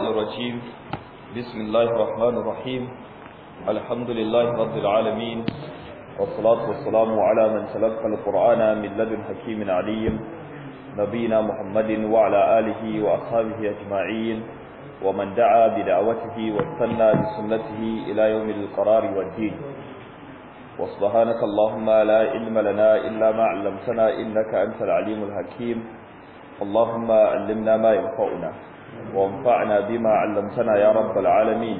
الرجيم بسم الله الرحمن الرحيم الحمد لله رب العالمين والصلاة والسلام على من تلقى القرآن من لدن حكيم عليم نبينا محمد وعلى آله وأصحابه أجمعين ومن دعا بدعوته واستنى بسنته إلى يوم القرار والدين وسبحانك اللهم لا علم لنا إلا ما علمتنا إنك أنت العليم الحكيم اللهم علمنا ما ينفعنا وانفعنا بما علمتنا يا رب العالمين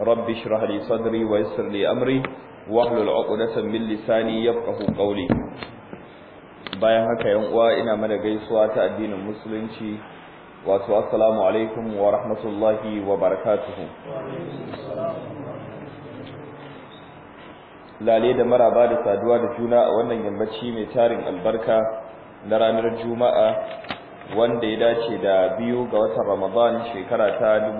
رب اشرح لي صدري ويسر لي أمري واحلل عقدة من لساني يفقه قولي bayan haka yan uwa ina mana gaisuwa ta addinin musulunci wato assalamu alaikum wa rahmatullahi wa barakatuhu lale da maraba da saduwa da juna a wannan yammaci mai tarin albarka na ranar juma'a wanda ya dace da biyu ga watan Ramadan shekara ta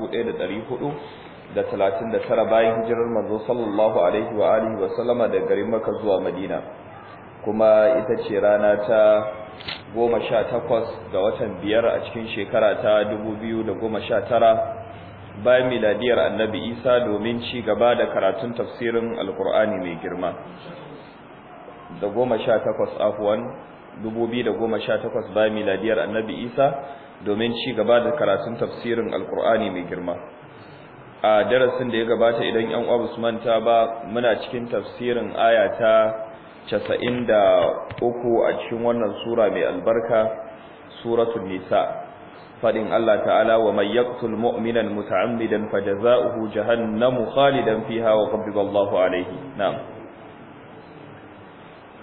1439 bayan hijirar manzo sallallahu alaihi wa alihi wa sallama daga garin Makka zuwa Madina kuma ita ce rana ta 18 ga watan biyar a cikin shekara ta 2019 bayan miladiyar Annabi Isa domin ci gaba da karatun tafsirin Alkur'ani mai girma da 18 afwan 2018 bayan miladiyar annabi isa domin ci gaba da karatun tafsirin alkur'ani mai girma a darasin da ya gabata idan yan uwa manta ba muna cikin tafsirin aya ta 93 a cikin wannan sura mai albarka suratul nisa fadin Allah ta'ala wa may yaqtul mu'minan muta'ammidan fajaza'uhu jahannamu khalidan fiha wa ghadiba alayhi na'am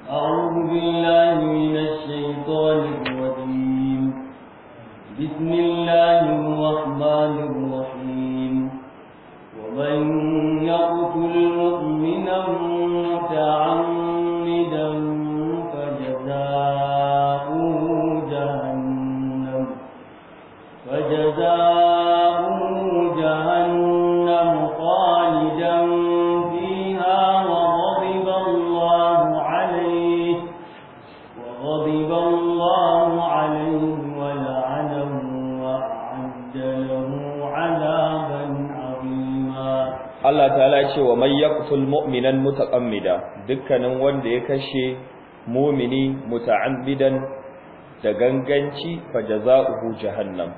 أعوذ بالله من الشيطان الرجيم بسم الله الرحمن الرحيم ومن يقتل مؤمنا ya ce wa may yaqtul mu'minan mutaqammida dukkanin wanda ya kashe mu'mini muta'ammidan da ganganci fa jazaohu jahannam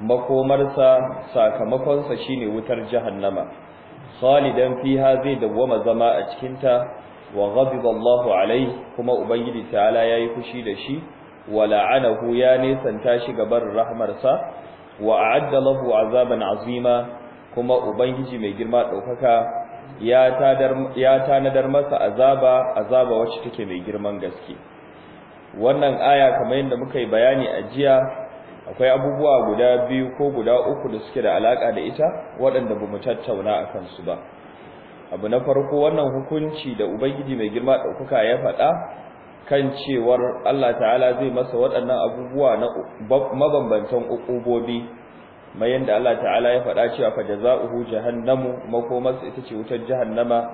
makomarsa sakamakonsa shine wutar jahannama khalidan fiha zai dawwama zama a cikin ta wa ghadiba Allahu alaihi kuma ubangiji ta'ala yayi fushi da shi wa la'anahu ya nisanta shi gaban rahmarsa wa a'adda lahu azaban azima kuma ubangiji mai girma ɗaukaka ya tanadar masa azaba azaba wacce take mai girman gaske wannan aya kamar yadda muka yi bayani a jiya akwai abubuwa guda biyu ko guda uku da suke da alaka da ita waɗanda bamu tattauna a kansu ba abu na farko wannan hukunci da ubangiji mai girma ɗaukaka ya faɗa kan cewar Allah ta'ala zai masa waɗannan abubuwa na mabambantan ukubobi kamar yadda Allah ta'ala ya faɗa cewa fa jazaohu jahannamu su ita ce wutar jahannama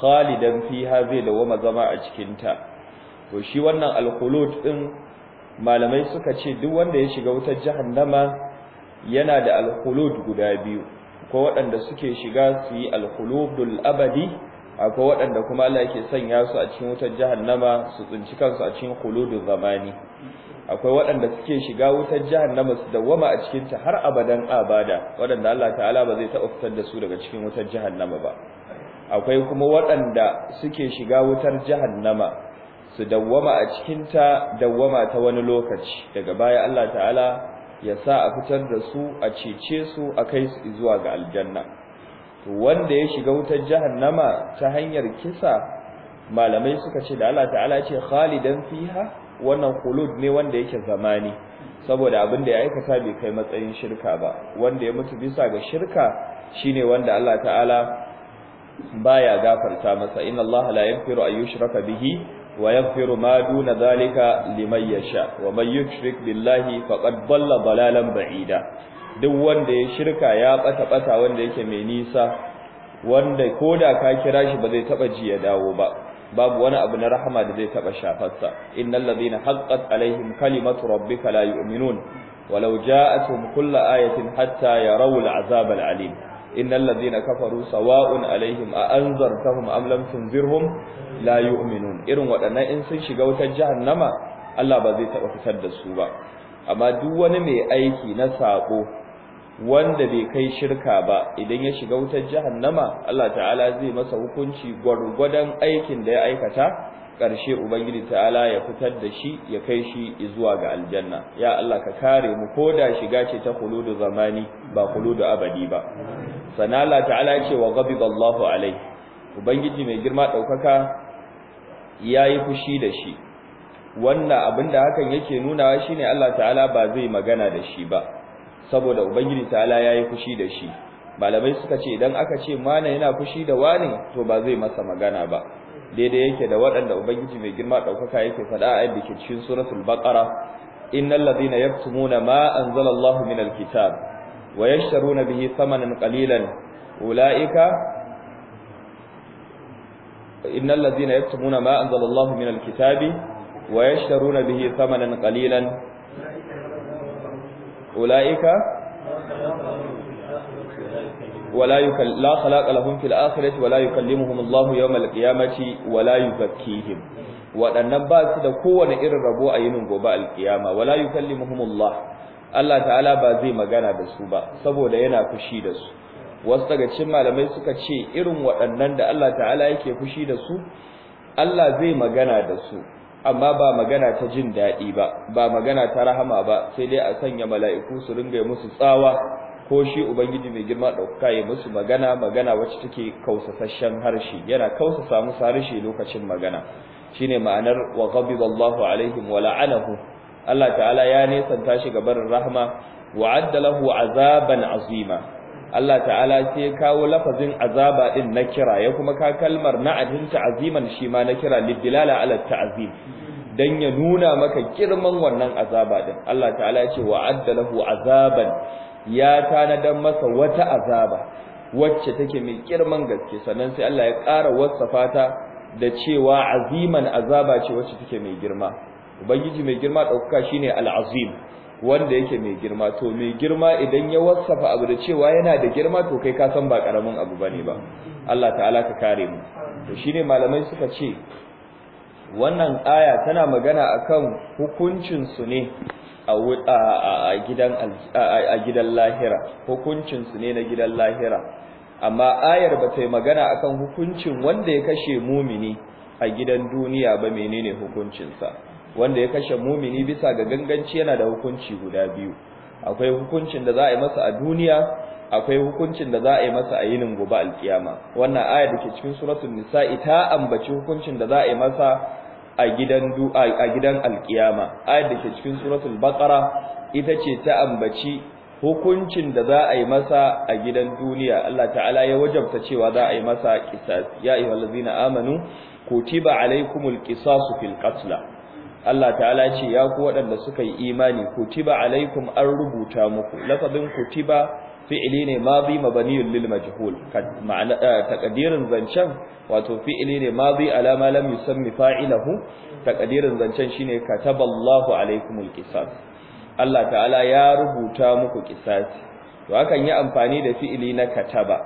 khalidan fiha zai dawama zama a cikin ta to shi wannan alkhulud din malamai suka ce duk wanda ya shiga wutar jahannama yana da alkhulud guda biyu ko waɗanda suke shiga su yi alkhuludul abadi akwai waɗanda kuma Allah yake sanya su a cikin wutar jahannama su tsinci kansu a cikin khuludul zamani akwai waɗanda suke shiga wutar jahannama su dawama a cikin har abadan abada waɗanda Allah ta'ala ba zai taɓa fitar da su daga cikin wutar jahannama ba akwai kuma waɗanda suke shiga wutar jahannama su dawwama a cikin ta ta wani lokaci daga baya Allah ta'ala ya sa a fitar da su a cece su a kai su zuwa ga aljanna wanda ya shiga wutar jahannama ta hanyar kisa malamai suka ce da Allah ta'ala ce khalidan fiha wannan khulud ne wanda yake zamani saboda abin da ya aikata bai kai matsayin shirka ba wanda ya mutu bisa ga shirka shine wanda Allah ta'ala baya gafarta masa inna Allah la yaghfiru an yushraka bihi wa yaghfiru ma duna zalika liman yasha wa man yushrik billahi faqad dalla dalalan ba'ida duk wanda ya shirka ya bata bata wanda yake mai nisa wanda koda ka kira shi ba zai taba ji ya dawo ba babu wani abu na rahama da zai taba shafarsa innal ladina haqqat alaihim kalimatu rabbika la yu'minun walau ja'atuhum kullu ayatin hatta yarawu al'azab al'alim innal ladina kafaru sawa'un alaihim a anzartahum am lam tunzirhum la yu'minun irin waɗannan in sun shiga wutar jahannama Allah ba zai taba fitar da su ba amma duk wani mai aiki na sako wanda bai kai shirka ba idan ya shiga wutar jahannama Allah ta'ala zai masa hukunci gwargwadon aikin da ya aikata ƙarshe ubangiji ta'ala ya fitar da shi ya kai shi zuwa ga aljanna ya Allah ka kare mu ko da shiga ce ta khuludu zamani ba khuludu abadi ba sana Allah ta'ala ce wa ghadiba Allahu alai ubangiji mai girma daukaka yayi fushi da shi wannan abinda hakan yake nunawa shine Allah ta'ala ba zai magana da shi ba saboda ubangiji ta'ala yayi fushi da shi malamai suka ce idan aka ce mana yana fushi da wani to ba zai masa magana ba daidai yake da waɗanda ubangiji mai girma ɗaukaka yake faɗa a yadda ke cikin suratul baqara innal ladhina yaktumuna ma anzala Allahu minal kitab wa yashtaruna bihi thamanan qalilan ulaika innal ladhina yaktumuna ma anzala Allahu minal kitabi wa yashtaruna bihi thamanan qalilan ulaika wala yukal la khalaqa lahum fil akhirati wala yukallimuhum Allah yawm al qiyamati wala yuzakkihim wadannan ba su da kowane irin rabo a yinin gobe al qiyama wala yukallimuhum Allah Allah ta'ala ba zai magana da su ba saboda yana fushi da su wasu daga cikin malamai suka ce irin waɗannan da Allah ta'ala yake fushi da su Allah zai magana da su amma ba magana ta jin daɗi ba ba magana ta rahama ba sai dai a sanya mala'iku su ringa musu tsawa ko shi ubangiji mai girma ɗauka ya musu magana magana wacce take kausasasshen harshe yana kausasa musu harshe lokacin magana shine ma'anar wa ghadiba Allahu alaihim wa la'anahu Allah ta'ala ya nesanta shi gaban rahama wa lahu azaban azima Allah ta'ala sai kawo lafazin azaba din na kira ya kuma ka kalmar na'adin ta'aziman shi ma na kira lidilala ala ta'azim dan ya nuna maka girman wannan azaba din Allah ta'ala ya ce wa'adda lahu azaban ya tanadan masa wata azaba wacce take mai girman gaske sannan sai Allah ya ƙara wasafa ta da cewa aziman azaba ce wacce take mai girma ubangiji mai girma dauka shine al-azim wanda yake mai girma to mai girma idan ya wasafa abu da cewa yana da girma to kai ka san ba karamin abu bane ba Allah ta'ala ka kare mu to shine malamai suka ce wannan aya tana magana akan hukuncin su ne a gidan a gidan lahira hukuncin su ne na gidan lahira amma ayar ba ta yi magana akan hukuncin wanda ya kashe mumini a gidan duniya ba menene hukuncinsa wanda ya kashe mumini bisa ga ganganci yana da hukunci guda biyu akwai hukuncin da za a yi masa a duniya akwai hukuncin da za a yi masa a yinin gobe alkiyama wannan aya da ke cikin suratul nisa'i ta ambaci hukuncin da za a yi masa a gidan a gidan alkiyama aya da ke cikin suratul baqara ita ce ta ambaci hukuncin da za a yi masa a gidan duniya Allah ta'ala ya wajabta cewa za a yi masa qisas ya ayyuhallazina amanu kutiba alaykumul qisasu fil qatl Allah ta'ala ce ya ku waɗanda suka yi imani kutiba alaikum an rubuta muku lafazin kutiba fi'ili ne madi mabniyun lil majhul eh, taqdirin zancen wato fi'ili ne madi ala ma lam yusammi fa'ilahu taqdirin zancan shine kataballahu alaikumul qisas Allah ta'ala ya rubuta muku qisas to hakan yi amfani da fi'ili na kataba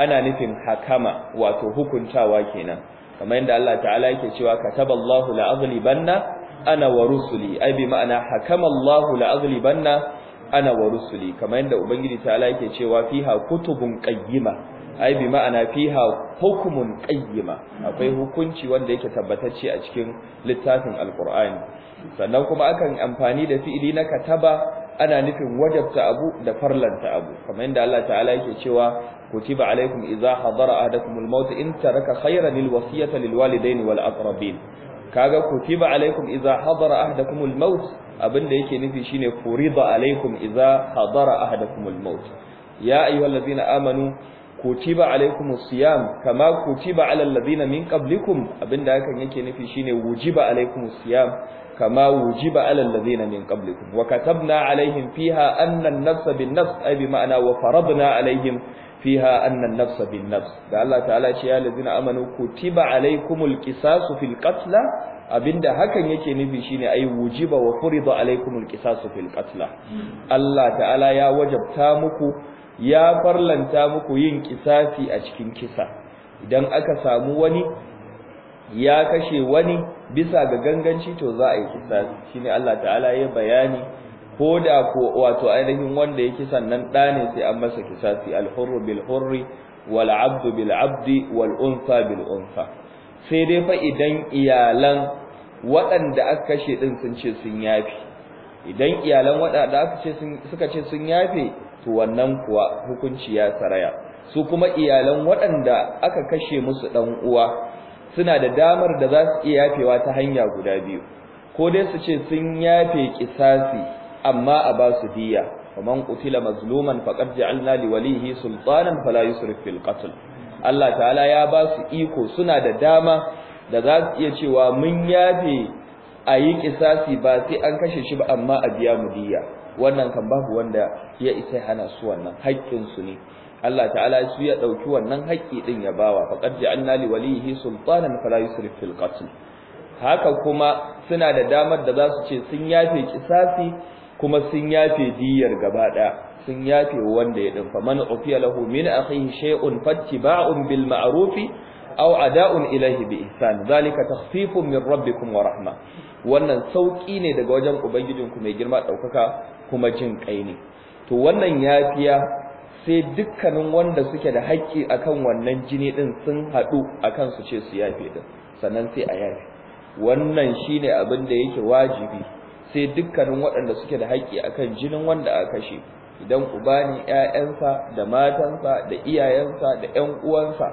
ana nufin hakama wato hukuntawa kenan kamar yadda Allah ta'ala yake cewa kataballahu banna. ana wa rusuli ai bi ma'ana Hakamallahu Allahu la'aghlibanna ana wa rusuli kamar yadda ubangiji ta ala yake cewa fiha kutubun qayyima ai bi ma'ana fiha hukumun qayyima akwai hukunci wanda yake tabbatacce a cikin littafin alqur'ani sannan kuma akan amfani da fi'ili na kataba ana nufin wajabta abu da farlanta abu kamar yadda Allah ta'ala yake cewa kutiba alaikum idza hadara ahadakumul maut in taraka khayran lil wasiyati lil walidayn wal aqrabin kaga kutiba alaikum idza hadara ahadakumul maut abinda yake nufi shine furida alaikum idza hadara ahadakumul maut ya ayyuhallazina amanu kutiba alaikumus siyam kama kutiba alal ladina min qablikum abinda hakan yake nufi shine wujiba alaikumus siyam kama wujiba alal ladina min qablikum wa katabna alaihim fiha anna an-nafsa bin-nafs ay bi ma'ana wa faradna alaihim fiha annan nafsa bin-nafs da Allah ta'ala ce ya lazina amanu kutiba alaikumul qisasu fil qatl abinda hakan yake nufi shine ai wujiba wa furida alaikumul qisasu fil qatl Allah ta'ala ya wajabta muku ya farlanta muku yin kisasi a cikin kisa idan aka samu wani ya kashe wani bisa ga ganganci to za a yi kisasi shine Allah ta'ala ya bayani ko da ko wato ainihin wanda yake sannan ɗa ne sai an masa kisasi al-hurru bil hurri wal abdu bil abdi wal unsa bil unsa sai dai fa idan iyalan waɗanda aka kashe din sun ce sun yafi idan iyalan waɗanda aka ce sun suka ce sun yafe to wannan kuwa hukunci ya saraya su kuma iyalan waɗanda aka kashe musu dan uwa suna da damar da za su iya yafewa ta hanya guda biyu ko dai su ce sun yafe kisasi amma a ba su diya kaman qutila mazluman faqad ja'alna li walihi sultanan fala yusrif fil qatl Allah ta'ala ya ba su iko suna da dama da za su iya cewa mun yafe a yi kisasi ba sai an kashe shi ba amma a biya mu diya wannan kan babu wanda ya isa hana su wannan haƙƙin su ne Allah ta'ala su ya dauki wannan haƙƙi din ya bawa faqad ja'alna li walihi sultanan fala yusrif fil qatl haka kuma suna da damar da za su ce sun yafe kisasi kuma sun yafe diyar gaba ɗaya sun yafe wanda ya dinfa man ufiya lahu min akhihi shay'un fattiba'un bil ma'ruf aw ada'un ilayhi bi ihsan zalika takhfifun min rabbikum wa rahma wannan sauki ne daga wajen ubangijinku mai girma daukaka kuma jin kai ne to wannan yafiya sai dukkanin wanda suke da haƙƙi akan wannan jini din sun haɗu akan su ce su yafe din sannan sai a yafe wannan shine abin da yake wajibi sai dukkanin waɗanda suke da haƙƙi akan jinin wanda aka kashe idan uba ne ƴaƴansa da matansa da iyayensa da ƴan uwansa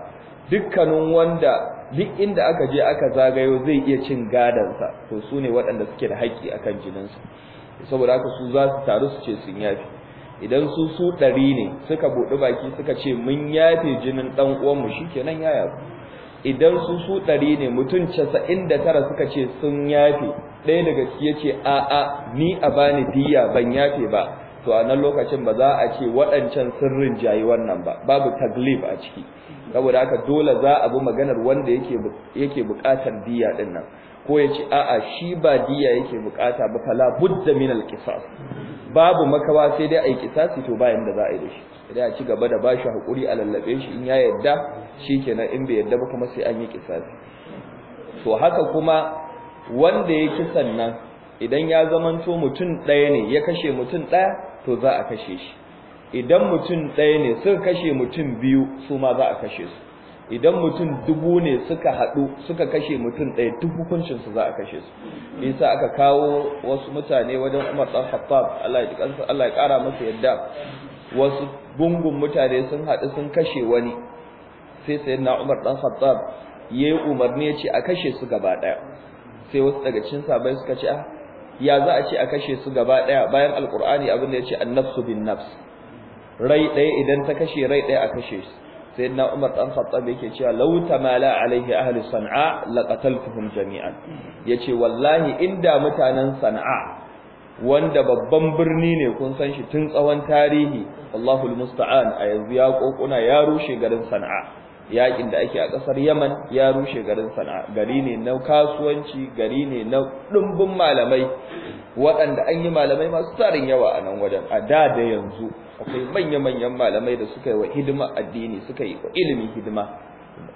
dukkanin wanda duk inda aka je aka zagayo zai iya cin gadansa to su ne waɗanda suke da haƙƙi akan jininsa saboda haka su za su taru su ce sun yafi idan su su ɗari ne suka buɗi baki suka ce mun yafe jinin ɗan uwanmu shikenan ya yafi idan su su ɗari ne mutum casa'in da tara suka ce sun yafe ɗaya daga ciki ya ce a'a ni a bani diya ban yafe ba to a nan lokacin ba za a ce waɗancan sirrin jayi wannan ba babu taglif a ciki saboda haka dole za a bi maganar wanda yake yake buƙatar diya ɗin nan ko ya ce a'a shi ba diya yake buƙata ba fala budda min al babu makawa sai dai a yi kisasi to bayan da za a yi da shi Idan a ci gaba da bashi hakuri a lallabe shi in ya yadda shikenan in bai yadda ba kuma sai an yi kisasi to haka kuma wanda ya kisan nan idan ya zamanto mutum ɗaya ne ya kashe mutum ɗaya to za a kashe shi idan mutum ɗaya ne suka kashe mutum biyu su ma za a kashe su idan mutum dubu ne suka haɗu suka kashe mutum ɗaya duk hukuncinsu za a kashe su isa aka kawo wasu mutane wajen Umar ɗan Khattab Allah ya Allah ya ƙara masa yadda wasu gungun mutane sun haɗu sun kashe wani sai na Umar dan Khattab yi umarni ya ce a kashe su gaba ɗaya sai wasu daga cikin sabai suka ce ah, ya za a ce a kashe su gaba ɗaya? bayan alqur'ani abin da yace annafsu bin nafs rai ɗaya idan ta kashe rai ɗaya a kashe su. sai na umar dan khattab yake cewa law tamala alaihi ahli san'a laqataltuhum jami'an yace wallahi inda mutanen san'a wanda babban birni ne kun san shi tun tsawon tarihi Allahu musta'an a yanzu ya kokuna ya rushe garin Sana'a yakin da ake a kasar Yaman ya rushe garin Sana'a gari ne na kasuwanci gari ne na dumbin malamai waɗanda an yi malamai masu tsarin yawa a nan wajen a da da yanzu akwai manya-manyan malamai da suka yi wa hidima addini suka yi wa ilimi hidima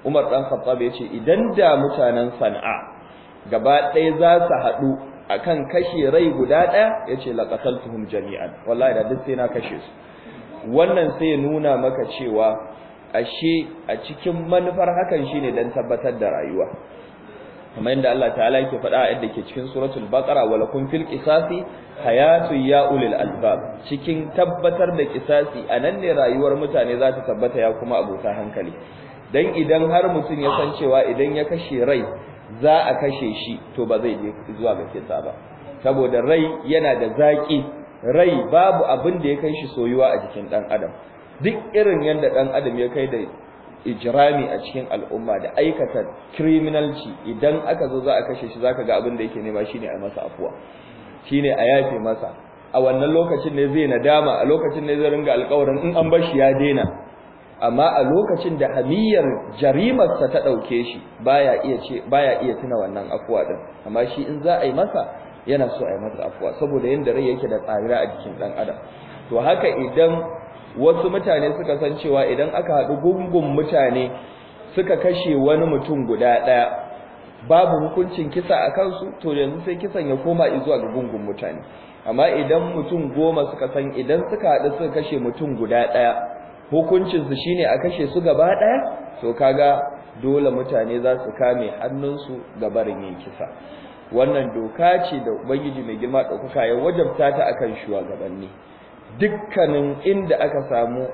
Umar dan Khattab ya ce idan da mutanen Sana'a gaba ɗaya za su haɗu akan kashe rai guda ɗaya yace laqataltuhum jami'an wallahi da duk sai na kashe su wannan sai nuna maka cewa ashe a cikin manufar hakan shine dan tabbatar da rayuwa kamar yadda Allah ta'ala yake faɗa a yadda ke cikin suratul baqara wala kun fil qisasi hayatu ya ulil albab cikin tabbatar da qisasi anan ne rayuwar mutane za ta tabbata ya kuma abota hankali dan idan har mutum ya san cewa idan ya kashe rai za a kashe shi to ba zai je zuwa ga kisa ba saboda rai yana da zaki rai babu abin da ya kai shi soyuwa a jikin dan adam duk irin yanda dan adam ya kai da ijrami a cikin al'umma da aikata criminalci idan aka zo za a kashe shi zaka ga abin da yake nema shine a masa afuwa shine a yafe masa a wannan lokacin ne zai nadama a lokacin ne zai ringa alƙawarin in an bar shi ya daina amma a lokacin da hamiyar jarimarsa ta ɗauke shi baya iya ce baya iya tuna wannan afuwa din amma shi in za a yi masa yana so a yi masa afuwa saboda yanda rai yake da tsari a jikin dan adam to haka idan wasu mutane suka san cewa idan aka haɗu gungun mutane suka kashe wani mutum guda ɗaya babu hukuncin kisa a kansu to yanzu sai kisan ya koma zuwa ga gungun mutane amma idan mutum goma suka san idan suka haɗu suka kashe mutum guda ɗaya hukuncinsu shine a kashe su gaba ɗaya to kaga dole mutane za su kame hannunsu ga barin yin kisa wannan doka ce da ubangiji mai girma ɗaukaka ya wajabta ta akan shugabanni dukkanin inda aka samu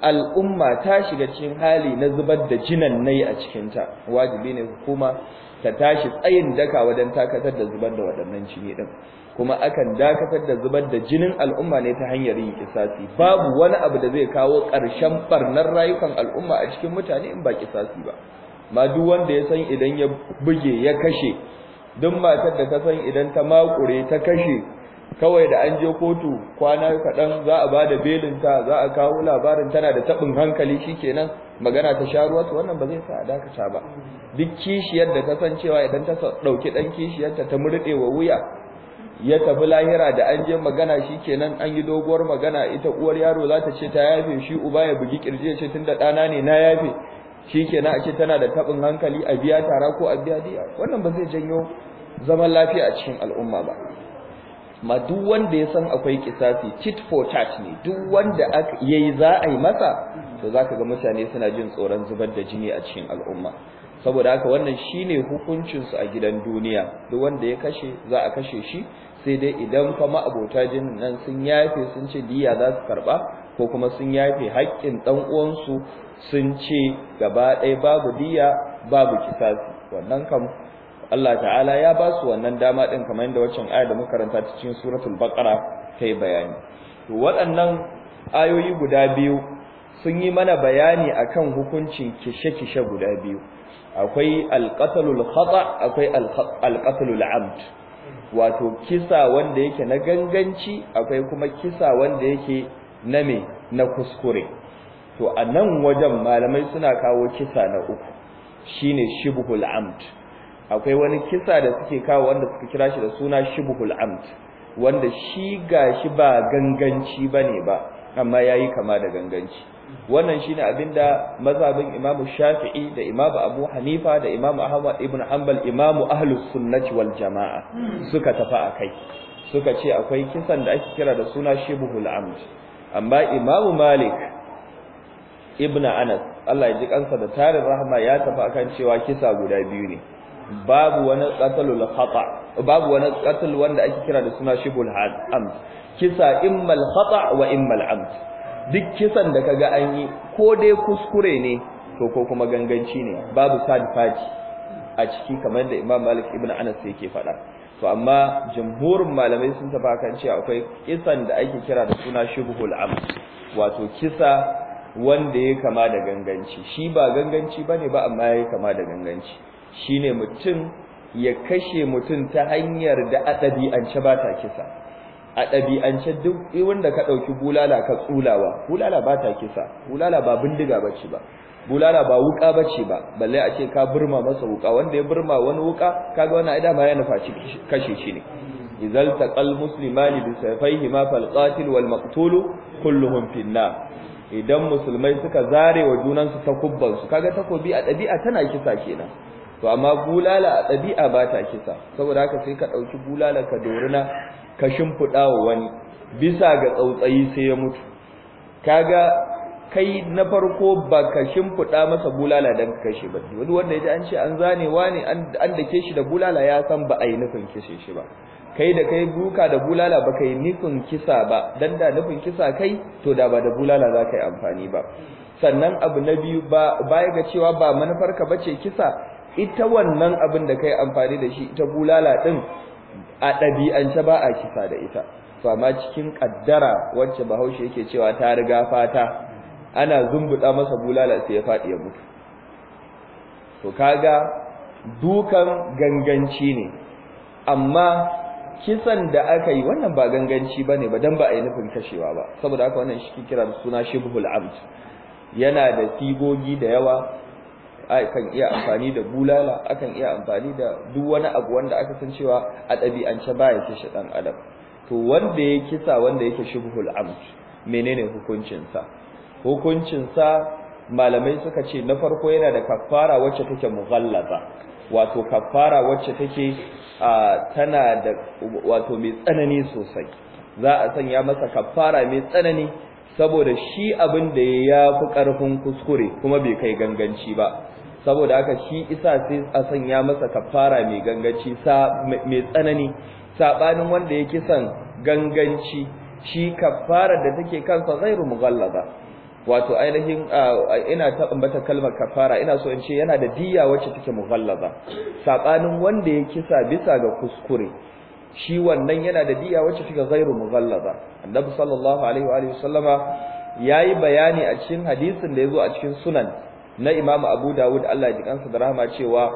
al'umma ta shiga cikin hali na zubar da jinan nai a cikinta wajibi ne hukuma ta tashi tsayin daka wajen takatar da zubar da waɗannan jini ɗin kuma akan dakatar da zubar da jinin al'umma ne ta hanyar yin kisasi babu wani abu da zai kawo ƙarshen barnar rayukan al'umma a cikin mutane in ba kisasi ba ma duk wanda ya san idan ya buge ya kashe duk matar da ta san idan ta makure ta kashe kawai da an je kotu kwana kaɗan za a ba da belinta za a kawo labarin tana da taɓin hankali shikenan magana ta sha ruwa wannan ba zai sa a dakata ba duk kishiyar da ta san cewa idan ta ɗauki ɗan kishiyarta ta murɗe wa wuya ya tafi lahira da an je magana shi kenan an yi doguwar magana ita uwar yaro za ta ce ta yafe shi uba ya bugi kirji ya ce tunda ɗana ne na yafe shi kenan a ce tana da taɓin hankali a biya tara ko a biya diya wannan ba zai janyo zaman lafiya a cikin al'umma ba ma duk wanda ya san akwai kisasi tit for tat ne duk wanda aka yayi za a yi masa to za ka ga mutane suna jin tsoron zubar da jini a cikin al'umma saboda haka wannan shine hukuncin su a gidan duniya duk wanda ya kashe za a kashe shi sai dai idan fa ma'abota jinin nan sun yafe sun ce diya za su karba ko kuma sun yafe haƙƙin ɗan uwansu sun ce gaba ɗaya babu diya babu kisasi wannan kam Allah ta'ala ya ba su wannan dama ɗin kamar yadda waccan aya da muka karanta cikin suratul baqara ta yi bayani to waɗannan ayoyi guda biyu sun yi mana bayani akan hukuncin kishe-kishe guda biyu akwai alqatlul khata akwai alqatlul amd wato kisa wanda yake na ganganci akwai kuma kisa wanda yake na me na kuskure to a nan wajen malamai suna kawo kisa na uku shine shibhul amt akwai wani kisa da suke kawo wanda suka kira shi da suna shibhul amt wanda shi gashi ba ganganci bane ba amma yi kama da ganganci wannan shine abinda mazhabin Imam Shafi'i da Imam Abu Hanifa da Imam Ahmad ibn Hanbal Imam Ahlus Sunnah wal Jamaa suka tafi akai suka ce akwai kisan da ake kira da suna shibhul amd amma Imam Malik ibn Anas Allah ya ji kansa da tarin rahama ya tafi akan cewa kisa guda biyu ne babu wani qatlul khata babu wani qatl wanda ake kira da suna shibhul amd kisa immal khata wa immal amd duk kisan da kaga an yi ko dai kuskure ne to ko kuma ganganci ne babu sad faji a ciki kamar da Imam Malik ibn Anas yake faɗa to amma jumhurin malamai sun tafi kan cewa akwai kisan da ake kira da suna shubhul amd wato kisa wanda ya kama da ganganci shi ba ganganci bane ba amma ya kama da ganganci shine mutum ya kashe mutum ta hanyar da a ɗabi'ance ba ta kisa a ɗabi'ance duk wanda ka ɗauki bulala ka tsulawa bulala ba ta kisa bulala ba bindiga ce ba bulala ba wuka ce ba balle a ce ka burma masa wuka wanda ya burma wani wuka kaga wani aida ma ya nufa kashe shi ne izal taqal muslimani bi ma fal qatil wal maqtul kulluhum finna idan musulmai suka zare wa junan su takubban su kaga takobi a ɗabi'a tana kisa kenan to amma bulala a ɗabi'a ba ta kisa saboda haka sai ka ɗauki bulala ka dorina ka shimfiɗa wa wani bisa ga tsautsayi sai ya mutu kaga kai na farko ba ka shimfiɗa masa bulala don ka kashe ba wani wanda ya ji an ce an zanewa ne an dake shi da bulala ya san ba a yi nufin kishe shi ba kai da kai buka da bulala ba kai nufin kisa ba dan da nufin kisa kai to da ba da bulala za ka yi amfani ba sannan abu na biyu ba baya ga cewa ba manufarka ba ce kisa ita wannan abin da kai amfani da shi ita bulala din a ɗabi'ance ba a kisa da ita fama cikin ƙaddara wacce bahaushe yake cewa ta riga fata ana zumbuda masa bulala sai ya faɗi ya mutu to kaga dukan ganganci ne amma kisan da aka yi wannan ba ganganci bane ba dan ba a yi nufin kashewa ba saboda haka wannan shi kira suna shibhul amt yana da sigogi da yawa akan iya amfani da bulala akan iya amfani da duk wani abu wanda aka san cewa a ɗabi'ance baya kashe ɗan adam to wanda ya kisa wanda yake shubhul amd menene hukuncinsa hukuncinsa malamai suka ce na farko yana da kaffara wacce take mughallaza wato kaffara wacce take tana da wato mai tsanani sosai za a sanya masa kafara mai tsanani saboda shi abin da ya fi ƙarfin kuskure kuma bai kai ganganci ba saboda haka shi isa sai a sanya masa kafara mai ganganci sa mai tsanani sabanin wanda ya kisan ganganci shi kafara da take kansa ghairu mughallaza wato ainihin ina ta ambata kalmar kafara ina so in ce yana da diya wacce take mughallaza sabanin wanda ya kisa bisa ga kuskure shi wannan yana da diya wacce take ghairu mughallaza annabi sallallahu alaihi wa alihi sallama yayi bayani a cikin hadisin da yazo a cikin sunan na Imam Abu Dawud Allah ya kansa da rahama cewa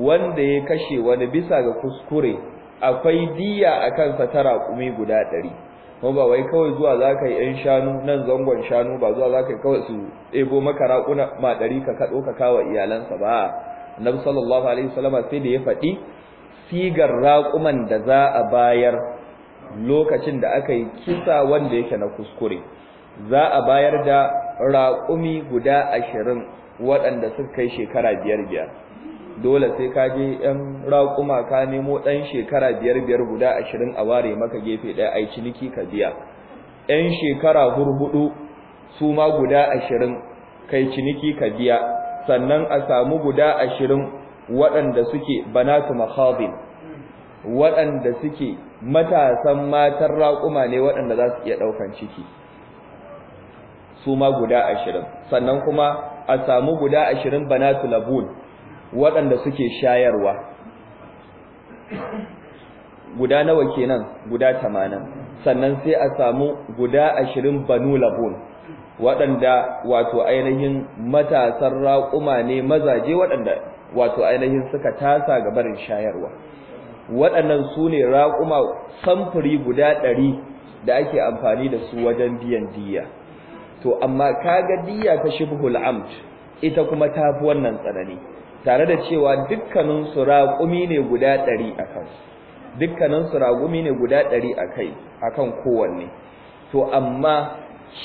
wanda ya kashe wani bisa ga kuskure akwai diya a kansa tara kumi guda ɗari. kuma ba wai kawai zuwa za ka yi ɗan shanu nan zangon shanu ba zuwa za ka yi kawai su ebo maka raƙuna ma ɗari ka kaɗo ka kawo iyalansa ba Annabi sallallahu alaihi wasallam sai da ya faɗi sigar raƙuman da za a bayar lokacin da aka yi kisa wanda yake na kuskure za a bayar da raƙumi guda ashirin waɗanda suka kai shekara biyar biyar dole sai ka je ɗan raƙuma ka nemo ɗan shekara biyar biyar guda ashirin a ware maka gefe ɗaya a yi ciniki ka biya ɗan shekara hurhuɗu, su ma guda ashirin kai ciniki ka biya sannan a samu guda ashirin waɗanda suke banatu makhadin waɗanda suke matasan matan raƙuma ne waɗanda za su iya ɗaukan ciki su ma guda ashirin sannan kuma a samu guda ashirin banatu labun waɗanda suke shayarwa guda nawa kenan guda tamanin sannan sai a samu guda ashirin banu labun waɗanda wato ainihin matasan raƙuma ne mazaje waɗanda wato ainihin suka tasa ga barin shayarwa waɗannan su ne raƙuma samfuri guda ɗari da ake amfani da su wajen biyan diya to amma kaga diya ta shibhul amd ita kuma ta fi wannan tsanani tare da cewa dukkanin su raƙumi ne guda ɗari a kan dukkanin su raƙumi ne guda ɗari a kai a kan kowanne to amma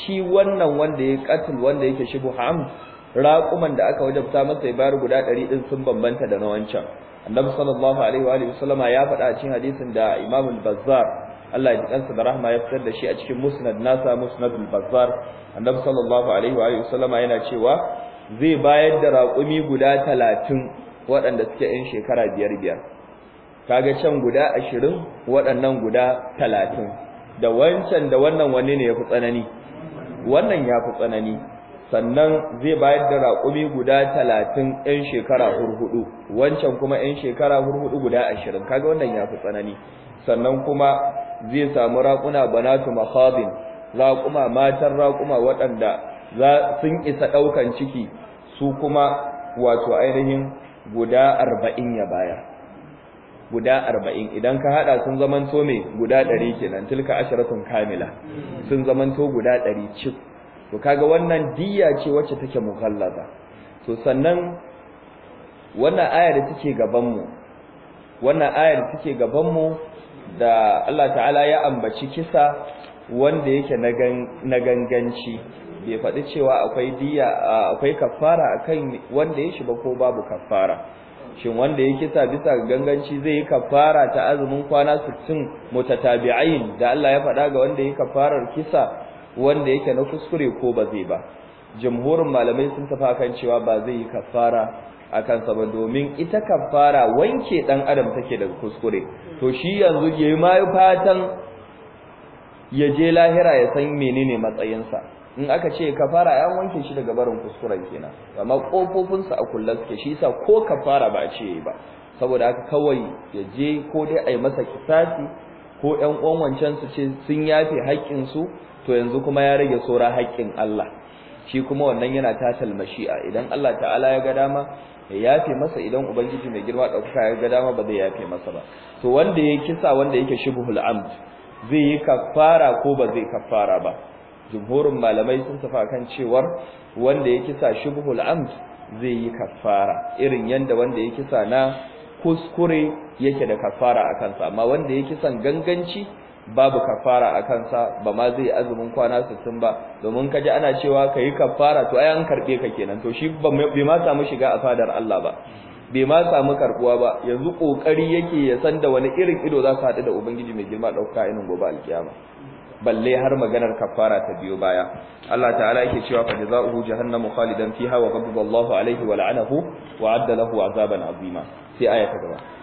shi wannan wanda ya katul wanda yake shibu ham raƙuman da aka wajabta masa ya guda ɗari din sun bambanta da na wancan annabi sallallahu alaihi wa wasallama ya faɗa a cikin hadisin da imamul bazzar Allah ya ji kansa da rahma ya fitar da shi a cikin musnad nasa al bazzar annabi sallallahu alaihi wa sallama yana cewa zai bayar da raƙumi guda 30 waɗanda suke yin shekara biyar biyar kaga can guda 20 waɗannan guda 30 da wancan da wannan wanne ne yafi tsanani wannan yafi tsanani sannan zai bayar da raƙumi guda talatin ‘yan shekara hurhudu, wancan kuma ‘yan shekara hurhudu guda ashirin, kaga wannan ya fi tsanani, sannan kuma zai samu raƙuna banatu makhadin raƙuma matan raƙuma waɗanda za sun isa ɗaukan ciki su kuma wato ainihin guda arba'in ya bayar guda arba'in idan ka haɗa sun zamanto mai guda ɗari kenan tilka asharatun kamila sun zamanto guda ɗari cik. to kaga wannan diyya ce wacce take mughallaza to sannan wannan aya da take gaban mu wannan aya da take gaban mu da Allah ta'ala ya ambaci kisa wanda yake na ganganci bai faɗi cewa akwai diya akwai kafara akan wanda ya shi ba ko babu kafara shin wanda ya kisa bisa ganganci zai yi kafara ta azumin kwana 60 mutatabi'ain da Allah ya faɗa ga wanda ya kafarar kisa wanda yake na kuskure ko ba zai ba Jamhurin malamai sun tafi kan cewa ba zai yi kafara a kansa ba domin ita kafara wanke dan adam take daga kuskure to shi yanzu yayi ma fatan ya je lahira ya san menene matsayinsa in aka ce kafara ya wanke shi daga barin kuskuren kenan amma kofofinsa a kullum suke shi yasa ko kafara ba ce ba saboda haka kawai ya je ko dai a masa kisafi ko ƴan uwan wancan su ce sun yafe haƙƙin su to yanzu kuma ya rage sora haƙƙin Allah shi kuma wannan yana tatal mashi'a idan Allah ta'ala ya ga dama ya yafe masa idan ubangiji mai girma ɗaukaka ya ga dama ba zai yafe masa ba to wanda ya kisa wanda yake shibhul amd zai yi kafara ko ba zai kafara ba jumhurin malamai sun tafi kan cewar wanda ya kisa shibhul amd zai yi kafara irin yanda wanda ya kisa na kuskure yake da kafara a kansa amma wanda ya kisan ganganci babu kafara a kansa ba ma zai azumin kwana 60 ba domin kaji ana cewa kai kafara to ai an karbe ka kenan to shi bai ma samu shiga a fadar Allah ba bai ma samu karbuwa ba yanzu kokari yake ya san da wani irin ido za su haɗu da ubangiji mai girma ɗauka inin gobe alkiyama balle har maganar kafara ta biyo baya Allah ta'ala yake cewa fa jazaohu jahannamu khalidan fiha wa ghadiba Allahu alaihi wa la'anahu wa adda lahu azaban azima sai aya ta gaba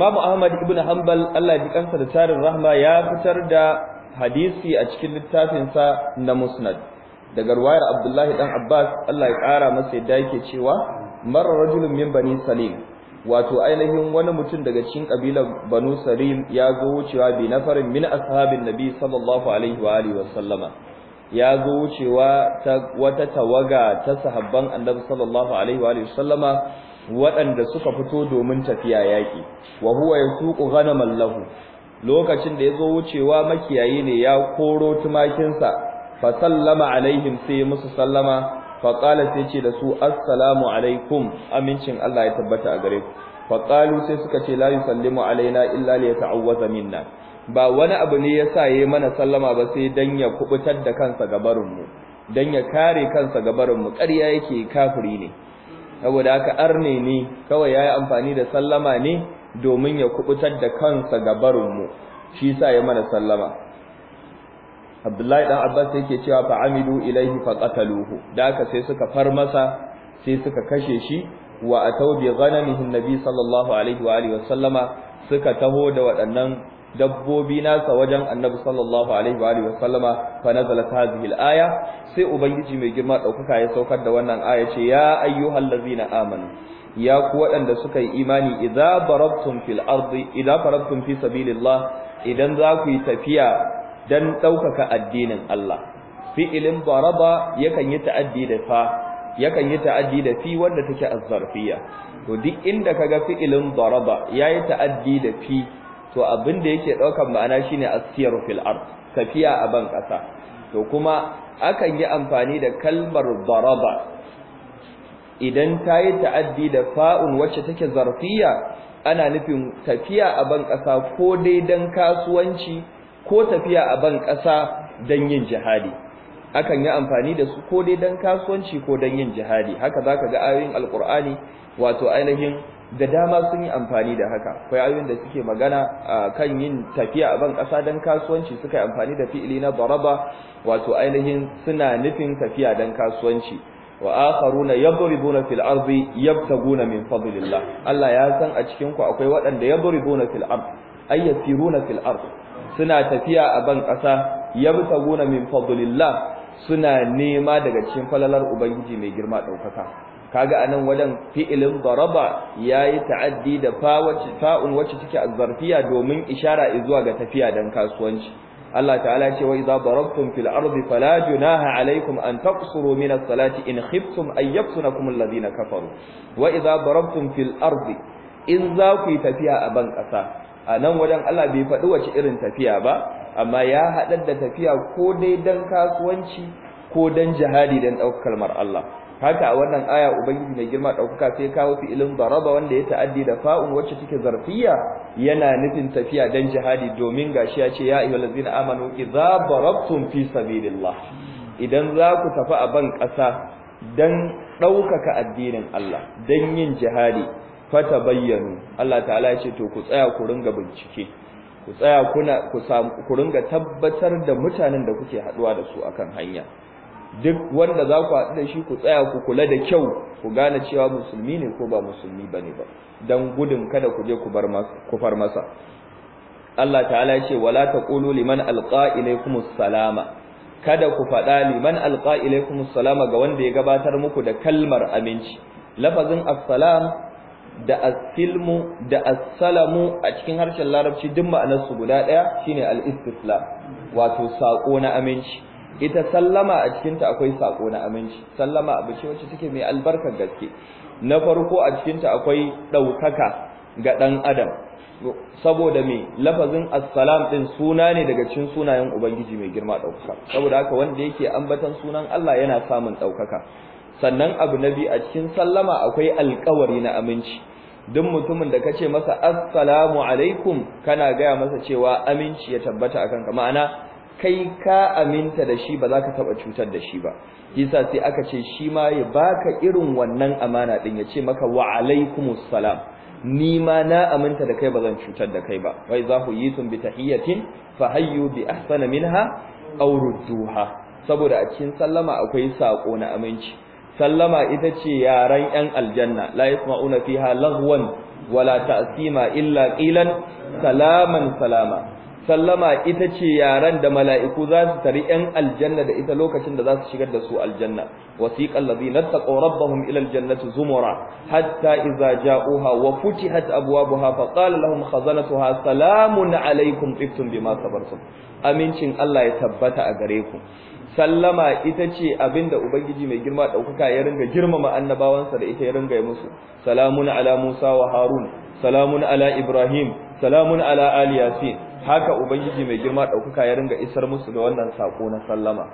Imam Ahmad ibn Hanbal Allah ya ji kansa da tarin rahma ya fitar da hadisi a cikin littafin sa na Musnad daga ruwayar Abdullahi dan Abbas Allah ya kara masa yadda yake cewa mar rajulun min bani Salim wato ainihin wani mutum daga cikin kabilar Banu Salim ya zo wucewa bi nafarin min ashabin Nabi sallallahu alaihi wa alihi wa sallama ya zo wucewa ta wata tawaga ta sahabban Annabi sallallahu alaihi wa alihi wa sallama waɗanda suka fito domin tafiya yaƙi wa huwa yasuqu ghanaman lahu lokacin da ya zo wucewa makiyayi ne ya koro tumakinsa fa sallama alaihim sai musu sallama fa qala sai ce da su assalamu alaikum amincin Allah ya tabbata a gare ku fa qalu sai suka ce la yusallimu alaina illa li yata'awwaza minna ba wani abu ne ya yasa yayi mana sallama ba sai dan ya kubutar da kansa gabarin mu dan ya kare kansa gabarin mu ƙarya yake kafiri ne saboda haka arne ne kawai yayi amfani da sallama ne domin ya kubutar da kansa ga barin mu shi yasa ya mana sallama Abdullahi dan Abbas yake cewa fa amidu ilaihi fa qataluhu da haka sai suka far masa sai suka kashe shi wa atau bi ghanamihi nabi sallallahu alaihi wa alihi wa sallama suka taho da waɗannan dabbobi nasa wajen annabi sallallahu alaihi wa alihi fa nazalat hadhihi al-aya sai ubangiji mai girma daukaka ya saukar da wannan aya ce ya ayyuhallazina amanu ya ku waɗanda suka yi imani idza barabtum fil ardi idza barabtum fi sabilillah idan za ku yi tafiya dan daukaka addinin Allah fi'ilin baraba yakan yi ta'addi da fa yakan yi ta'addi da fi wanda take azzarfiya to duk inda kaga fi'ilin baraba yayi ta'addi da fi to abin da yake daukan ma'ana shine asiyaru fil ard tafiya a ban kasa to kuma akan yi amfani da kalmar Baraba. idan tayi ta'addi da fa'un wacce take zarfiya ana nufin tafiya a ban kasa ko dai dan kasuwanci ko tafiya a ban kasa dan yin jihadi akan yi amfani da su ko dai dan kasuwanci ko dan yin jihadi haka zaka ga ayoyin alqur'ani wato ainihin da dama sun yi amfani da haka kai ayoyin da suke magana kan yin tafiya a ban ƙasa dan kasuwanci suka yi amfani da fi'ili na baraba, wato ainihin suna nufin tafiya dan kasuwanci wa akharuna yadribuna fil ardi yabtaguna min fadlillah Allah ya san a cikin ku akwai waɗanda yadribuna fil ard ay yasiruna fil ard suna tafiya a ban ƙasa yabtaguna min fadlillah suna nema daga cikin falalar ubangiji mai girma ɗaukaka kaga anan wajen fi'ilin daraba yayi ta'addi da fa wacce fa'un wacce take azzarfiya domin ishara zuwa ga tafiya dan kasuwanci Allah ta'ala ce wa idza darabtum fil ardi fala junaha alaykum an taqsuru min as-salati in khiftum ay yafsunakum alladhina kafaru wa idza darabtum fil ardi in za ku tafiya a ban kasa anan wajen Allah bai faɗi wace irin tafiya ba amma ya haɗar da tafiya ko dai dan kasuwanci ko dan jihadi dan ɗaukar kalmar Allah haka a wannan aya ubangiji mai girma ɗaukaka sai kawo fi'ilin daraba wanda ya ta'addi da fa'un wacce take zarfiya yana nufin tafiya dan jihadi domin gashi ya ce ya ayyuhallazina amanu idza darabtum fi sabilillah idan za ku tafi a ban kasa dan ɗaukaka addinin Allah dan yin jihadi fata bayyanu Allah ta'ala ya ce to ku tsaya ku ringa bincike ku tsaya kuna ku ringa tabbatar da mutanen da kuke haɗuwa da su akan hanya duk wanda za ku haɗu da shi ku tsaya ku kula da kyau ku gane cewa musulmi ne ko ba musulmi ba ne ba don gudun kada ku je ku far masa Allah ta'ala ce wala ta ƙulu liman alqa salama kada ku faɗa liman alqa salama ga wanda ya gabatar muku da kalmar aminci lafazin assalam da asilmu da asalamu a cikin harshen larabci duk ma'anar su guda ɗaya shine al-istislam wato sako na aminci ita sallama a cikinta akwai sako na aminci sallama abu ce wacce take mai albarkar gaske na farko a cikinta akwai ɗaukaka ga ɗan adam saboda mai lafazin assalam ɗin suna ne daga cikin sunayen ubangiji mai girma ɗaukaka saboda haka wanda yake ambatan sunan Allah yana samun ɗaukaka sannan abu na biyu a cikin sallama akwai alkawari na aminci duk mutumin da kace masa assalamu alaikum kana gaya masa cewa aminci ya tabbata akan ka ma'ana kai ka aminta da shi ba za ka taba cutar da shi ba yasa sai aka ce shi ma ya baka irin wannan amana din ya ce maka wa alaikumus salam ni ma na aminta da kai ba zan cutar da kai ba Wai ku yi sun bi tahiyatin fa hayyu bi ahsana minha aw rudduha saboda a cikin sallama akwai sako na aminci sallama ita ce yaran yan aljanna la yasma'una fiha lagwan wala ta'sima illa qilan salaman salama sallama ita ce yaran da mala'iku za su tari ‘yan aljanna da ita lokacin da za su shigar da su aljanna, wasiƙan lazi na ilal jannatu zumura, hatta iza ja'uha wa fuci hat abuwa fa ƙala lahum khazanatu ha salamun alaikum tsiftun bima sabartum. Amincin Allah ya tabbata a gare ku. sallama ita ce abinda ubangiji mai girma daukaka ya ringa girmama annabawansa da ita ya ringa yi musu salamun ala musa wa harun salamun ala ibrahim salamun ala ali yasin haka ubangiji mai girma daukaka ya ringa isar musu da wannan sako na sallama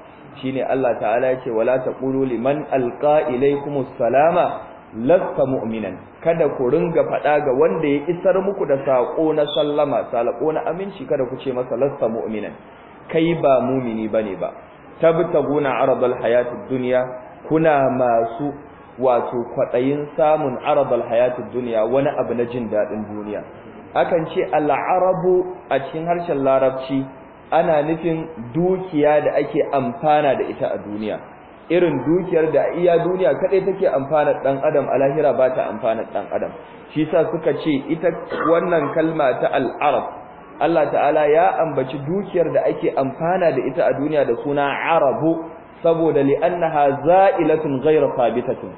shine Allah ta'ala yake wala taqulu liman alqa ilaykumus salama lasta mu'minan kada ku ringa fada ga wanda ya isar muku da sako na sallama salako na aminci kada ku ce masa lasta mu'minan kai ba mumini bane ba tabtaguna aradul hayatid dunya kuna masu wato kwadayin samun aradul hayatid dunya wani abu na jin dadin duniya akan ce al'arabu a cikin harshen larabci ana nufin dukiya da ake amfana da ita a duniya irin dukiyar da iya duniya kadai take amfana dan adam a lahira ba ta amfana dan adam shi yasa suka ce ita wannan kalma ta al'arab Allah ta'ala ya ambaci dukiyar da ake amfana da ita a duniya da suna arabu saboda li'annaha za'ilatun ghayra thabitatin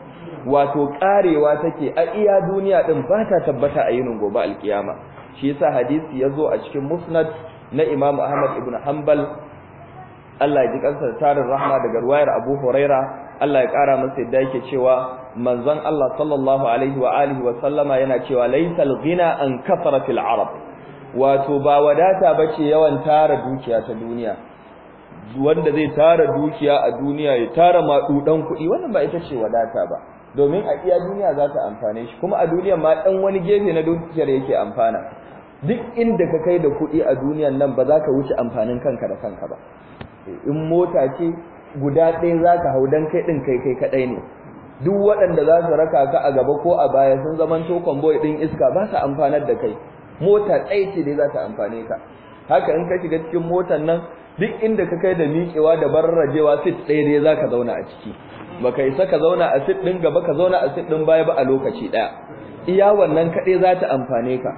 wato karewa take a iya duniya din ba ta tabbata a yinin gobe alkiyama shi yasa hadisi ya zo a cikin musnad na Imam Ahmad ibn Hanbal Allah ya ji kansar tarin rahma daga ruwayar Abu Huraira Allah ya kara masa yadda yake cewa manzon Allah sallallahu alaihi wa alihi wa sallama yana cewa laysal ghina an kafara fil arab wato ba wadata bace yawan tara dukiya ta duniya wanda zai tara dukiya a duniya ya tara madudan kuɗi wannan ba ita ce wadata ba domin a iya duniya za ta amfane shi kuma a duniya ma ɗan wani gefe na dukiyar yake amfana duk inda ka kai da kuɗi a duniyan nan ba za ka wuce amfanin kanka da kanka ba in mota ce guda ɗaya za ka hau dan kai ɗin kai kai kaɗai ne duk waɗanda za su raka ka a gaba ko a baya sun zaman to kwamboy ɗin iska ba su amfanar da kai mota ɗaya ce dai za ta amfane ka haka in ka shiga cikin motar nan duk inda ka kai da miƙewa da bararrajewa sit ɗaya dai za ka zauna a ciki baka isa ka zauna a sit din gaba ka zauna a sit din baya ba a lokaci daya iya wannan kaɗai za ta amfane ka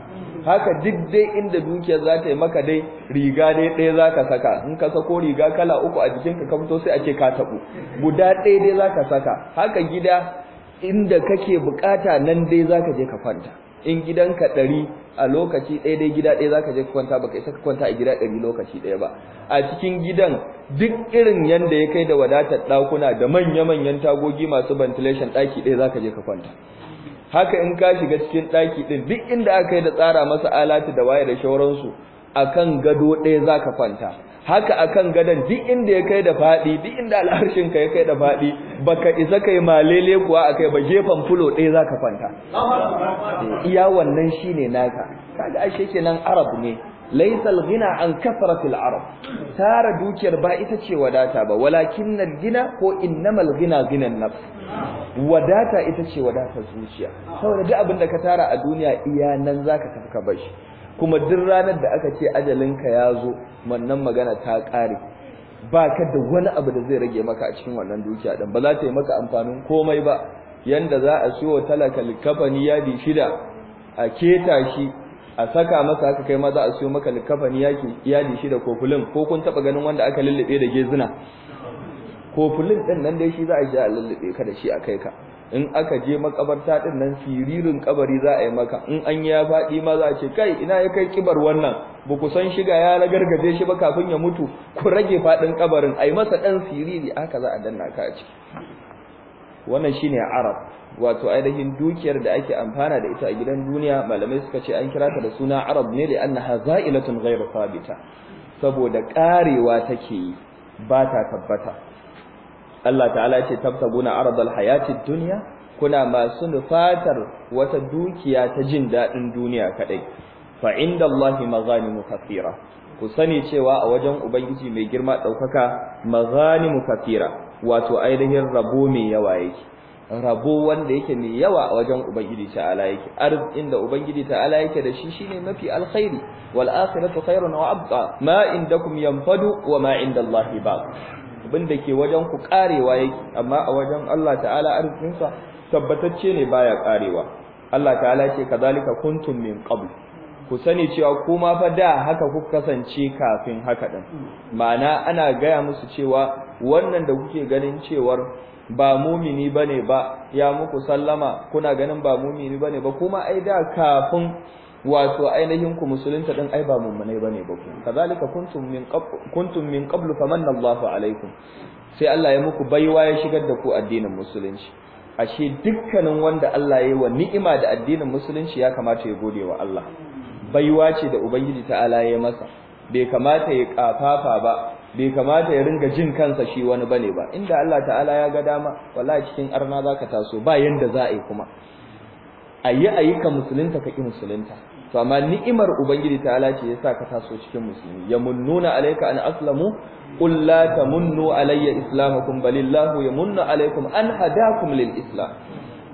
haka duk dai inda dukiyar za ta yi maka dai riga dai ɗaya za ka saka in ka sako riga kala uku a jikinka ka fito sai a ce ka taɓu guda ɗaya dai za ka saka haka gida inda kake bukata nan dai za ka je ka kwanta in gidanka ɗari a lokaci ɗaya dai gida ɗaya zaka je ka kwanta baka isa ka kwanta a gida ɗari lokaci ɗaya ba a cikin gidan duk irin yanda ya kai da wadatar ɗakuna da manya-manyan tagogi masu ventilation ɗaki ɗaya zaka je ka kwanta haka in ka shiga cikin ɗaki ɗin duk inda aka yi da tsara masa alatu da waye da shauransu akan gado ɗaya zaka kwanta haka akan gadan duk inda ya kai da fadi duk inda al'arshin ka ya kai da fadi baka isa kai malele kuwa akai ba jefan fulo ɗaya zaka kwanta iya wannan shine naka kaga ashe kenan arab ne laysal ghina an al arab tara dukiyar ba ita ce wadata ba walakin gina ko innamal ghina ghinan nafs wadata ita ce wadata zuciya saboda duk abin da ka tara a duniya iya nan zaka tafka bashi kuma duk ranar da aka ce ajalinka ya zo wannan magana ta ƙare ba ka da wani abu da zai rage maka a cikin wannan dukiya din ba za ta yi maka amfanin komai ba yanda za a siyo talaka likafani yadi shida a keta shi a saka masa aka kai ma za a siyo maka likafani yaki yadi shida ko fulin ko kun taba ganin wanda aka lullube da gezina ko fulin din nan dai shi za a ji a lullube ka da shi a kai ka in aka je makabarta din nan siririn kabari za a yi maka in an ya faɗi ma za a ce kai ina ya kai kibar wannan ba ku san shiga ya gargaje shi ba kafin ya mutu ku rage faɗin kabarin ai masa ɗan siriri aka za a danna ka a ciki wannan shine arab wato ainihin dukiyar da ake amfana da ita a gidan duniya malamai suka ce an kira ta da suna arab ne da annaha za'ilatun ghairu sabita saboda karewa take yi ba ta tabbata Allah ta'ala ce tabtaguna aradal hayatid dunya kuna masu nufatar wata dukiya ta jin dadin duniya kadai fa inda Allahi maghanimu kathira ku sani cewa a wajen ubangiji mai girma daukaka maghanimu kathira wato ainihin rabo mai yawa yake rabo wanda yake mai yawa a wajen ubangiji ta'ala yake arzikin da ubangiji ta'ala yake da shi shine mafi alkhairi wal akhiratu khairun wa abqa ma indakum yanfadu wa ma inda Allahi baq abin ke wajen ku karewa yake amma a wajen Allah ta'ala arzikinsa tabbatacce ne baya karewa Allah ta'ala ce kazalika kuntum min qabl ku sani cewa kuma fa da haka ku kasance kafin haka din ma'ana ana gaya musu cewa wannan da kuke ganin cewar ba mumini bane ba ya muku sallama kuna ganin ba mumini bane ba kuma ai da kafin wato ainihin ku musulunta din ai ba mummunai bane ba ku kazalika kuntum min qabl kuntum min qablu famanna Allahu alaikum sai Allah ya muku baiwa ya shigar da ku addinin musulunci ashe dukkanin wanda Allah ya yi wa ni'ima da addinin musulunci ya kamata ya gode wa Allah baiwa ce da ubangiji ta'ala ya masa bai kamata ya kafafa ba bai kamata ya ringa jin kansa shi wani bane ba inda Allah ta'ala ya ga dama wallahi cikin arna zaka taso ba yanda za a yi kuma ayi ayyuka musulunta ka ki musulunta to amma ni'imar ubangiji ta'ala ce yasa ka taso cikin musulmi yamunnuna alayka an aslamu qul la tamunnu alayya islamakum balillahu yamunnu alaykum an hadakum lil islam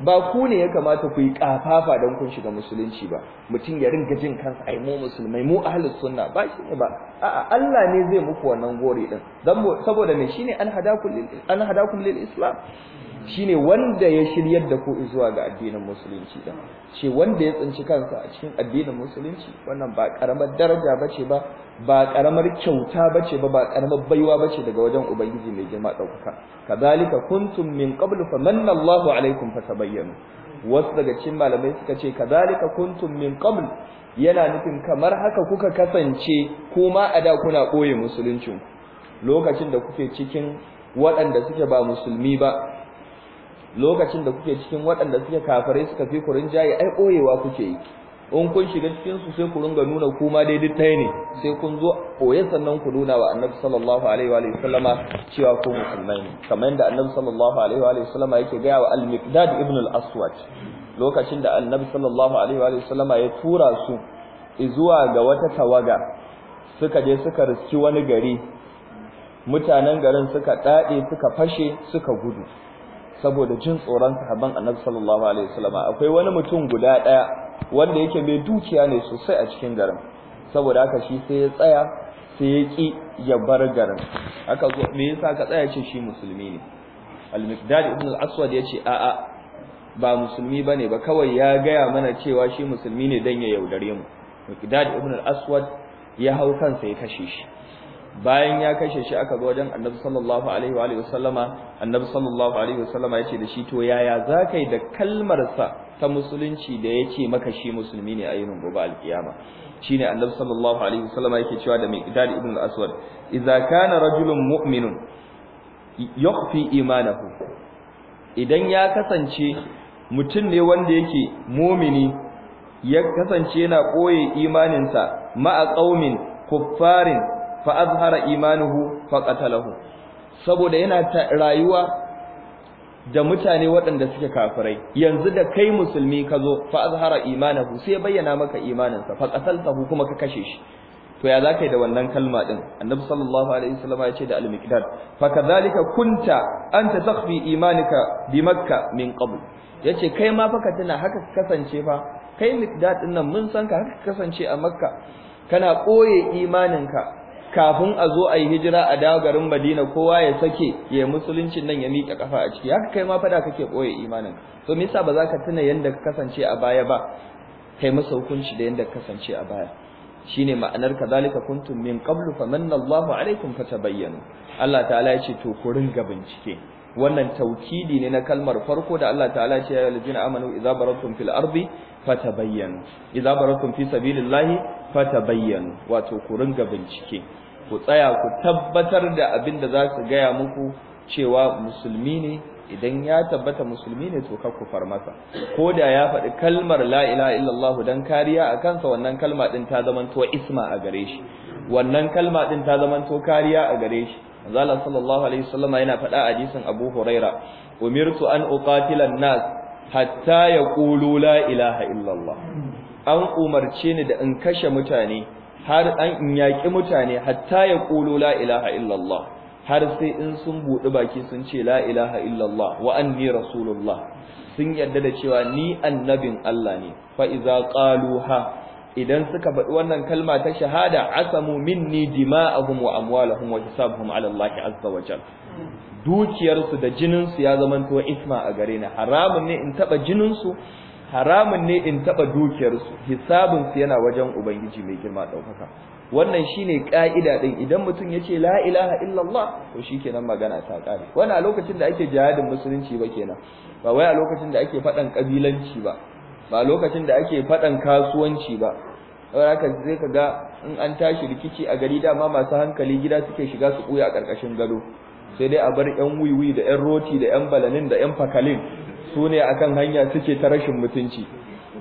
ba ku ne ya kamata ku yi kafafa don kun shiga musulunci ba mutum ya ringa jin kansa ai mu musulmai mu ahlus sunna ba shi ne ba a'a Allah ne zai muku wannan gori din saboda ne shine an hadakum lil an hadakum lil islam Shi ne wanda ya shiryar da ku zuwa ga addinin musulunci da ce wanda ya tsinci kansa a cikin addinin musulunci wannan ba karamar daraja bace ba ba karamar kyauta bace ba ba karamar baiwa bace daga wajen ubangiji mai girma daukaka kadalika kuntum min qablu fa manna Allahu alaikum fa tabayyanu wasu daga cikin malamai suka ce kadalika kuntum min qablu. yana nufin kamar haka kuka kasance kuma a da kuna koyi musuluncin lokacin da kuke cikin waɗanda suke ba musulmi ba lokacin da kuke cikin waɗanda suke kafirai suka fi ku rinjaye ai koyewa kuke yi in kun shiga cikin su sai ku ringa nuna kuma daidai tai ne sai kun zo koye sannan ku nuna wa annabi sallallahu alaihi wa sallama cewa ku musulmai ne kamar yadda annabi sallallahu alaihi wa sallama yake gaya wa al-miqdad ibn al-aswad lokacin da annabi sallallahu alaihi wa sallama ya tura su zuwa ga wata tawaga suka je suka riski wani gari mutanen garin suka dade suka fashe suka gudu saboda jin tsoron sahaban annabi sallallahu alaihi wasallam akwai wani mutum guda daya wanda yake mai dukiya ne sosai a cikin garin saboda haka shi sai ya tsaya sai ya ki ya bar garin aka zo me yasa ka tsaya ce shi musulmi ne al-miqdad ibn al-aswad yace a a ba musulmi bane ba kawai ya gaya mana cewa shi musulmi ne dan ya yaudare mu miqdad ibn al-aswad ya hau kansa ya kashe shi bayan ya kashe shi aka zo wajen annabi sallallahu alaihi wa alihi wasallama annabi sallallahu alaihi wasallama yace da shi to yaya zakai da kalmar sa ta musulunci da yace maka shi musulmi ne a yinin gobe alkiyama shine annabi sallallahu alaihi wasallama yake cewa da mai ibn al-aswad idza kana rajulun mu'minun yukhfi imanahu idan ya kasance mutum ne wanda yake mumini ya kasance yana koye imaninsa ma'a qaumin kuffarin fa azhara imanuhu fa qatalahu saboda yana rayuwa da mutane waɗanda suke kafirai yanzu da kai musulmi ka zo fa azhara imanahu sai bayyana maka imaninsa fa qataltahu kuma ka kashe shi to ya zaka yi da wannan kalma din annabi sallallahu alaihi wasallam ya ce da al-miqdad fa kadhalika kunta anta takhfi imanika bi makka min qabl yace kai ma fa ka tuna haka kasance fa kai miqdad din nan mun san ka haka kasance a makka kana koye imaninka kafin a zo a yi hijira a dawo garin Madina kowa ya sake ya musuluncin nan ya miƙa kafa a ciki haka kai ma fada kake boye imanin to me yasa ba za ka tuna yanda ka kasance a baya ba kai masa hukunci da yanda ka kasance a baya shine ma'anar kazalika kuntum min qablu famanna Allahu alaikum fatabayyanu Allah ta'ala ya ce to ku ringa bincike wannan taukidi ne na kalmar farko da Allah ta'ala ce ya ladina amanu idza baratum fil ardi fatabayyanu idza baratum fi sabilillahi fatabayyanu wato ku ringa bincike ku tsaya ku tabbatar da abin da za su gaya muku cewa musulmi ne idan ya tabbata musulmi ne to ku far masa ko da ya faɗi kalmar la ilaha illallah dan kariya a kansa wannan kalma din ta zamanto isma a gare shi wannan kalma din ta zamanto kariya a gare shi manzo sallallahu alaihi wasallam yana faɗa a hadisin Abu Huraira umirtu an uqatila nas hatta yaqulu la ilaha illallah an umarce ni da in kashe mutane har an in yaƙi mutane hatta ya ƙulu la ilaha illallah har sai in sun buɗi baki sun ce la ilaha illallah wa anni rasulullah sun yarda da cewa ni annabin Allah ne fa iza ha idan suka faɗi wannan kalma ta shahada asamu minni dima'ahum wa amwalahum wa hisabuhum ala Allah azza wa jal dukiyarsu da jininsu ya zamanto isma a gare ni haramun ne in taba su haramun ne in taba dukiyarsu hisabun su yana wajen ubangiji mai girma daukaka wannan shine ka'ida din idan mutum yace la ilaha illallah to shikenan magana ta kare wani a lokacin da ake jihadin musulunci ba kenan ba wai a lokacin da ake fadan kabilanci ba ba lokacin da ake fadan kasuwanci ba haka zai kaga in an tashi rikici a gari dama masu hankali gida suke shiga su buya a karkashin gado sai dai a bar yan wiwi da yan roti da yan balanin da yan fakalin su ne kan hanya suke ta rashin mutunci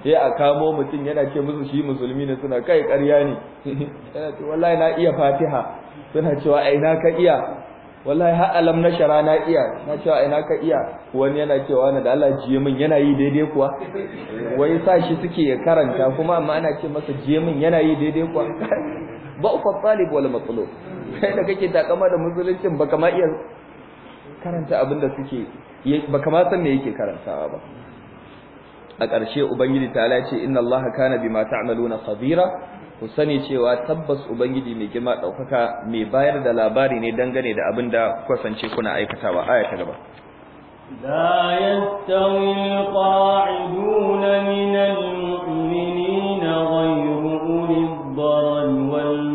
sai a kamo mutum yana ce musu shi musulmi ne suna kai ƙarya ne yana ce wallahi na iya fatiha suna cewa ai na ka iya wallahi har alam na shara na iya na cewa ai na ka iya wani yana cewa na da Allah jiye min yana yi daidai kuwa wai sa shi suke ya karanta kuma amma ana ce masa jiye min yana yi daidai kuwa ba ufa talib wal matlub kai da kake takama da musuluncin baka ma iya karanta abin da suke ba kama san me yake karantawa ba a ƙarshe ubangiji ta ce inna allaha kana bima ta'maluna khabira ku sani cewa tabbas ubangiji mai girma ɗaukaka mai bayar da labari ne dangane da abin da kwasance kuna aikatawa aya ta gaba لا يستوي القاعدون من المؤمنين غير أولي الضرر والمؤمنين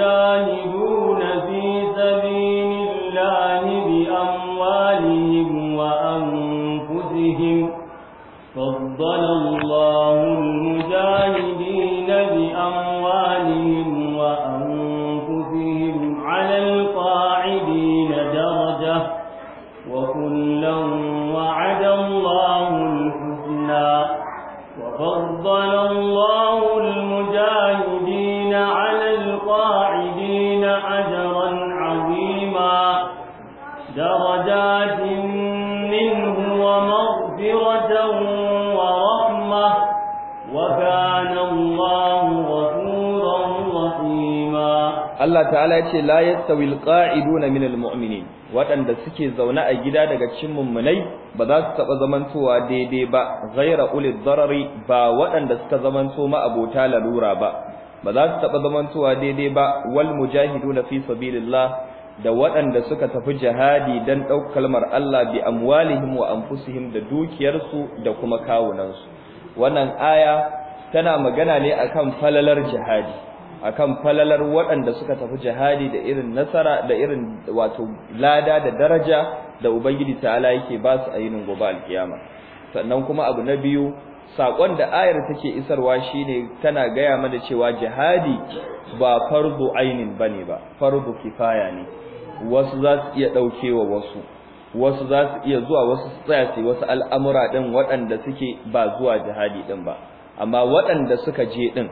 يجاهدون في سبيل الله بأموالهم وأنفسهم فضل الله المؤمنين ta'ala ya ce la yastawi alqa'iduna min almu'minin waɗanda suke zaune a gida daga cikin mummunai ba za su taba zamantowa daidai ba zaira ulil darari ba waɗanda suka zamanto ma abota larura ba ba za su taba zamantowa daidai ba wal mujahiduna fi sabilillah da waɗanda suka tafi jihadi dan ɗauk kalmar Allah bi amwalihim wa anfusihim da dukiyarsu da kuma kawunansu wannan aya tana magana ne akan falalar jihadi akan falalar waɗanda suka tafi jihadi da irin nasara da irin wato lada da daraja da ubangiji ta'ala yake ba su a yinin gobe alkiyama sannan kuma abu na biyu sakon da ayar take isarwa shine tana gaya mana cewa jihadi ba fardu ainin bane ba fardu kifaya ne wasu za su iya daukewa wasu wasu za su iya zuwa wasu su tsaya wasu al'amura din waɗanda suke ba zuwa jihadi ɗin ba amma waɗanda suka je ɗin.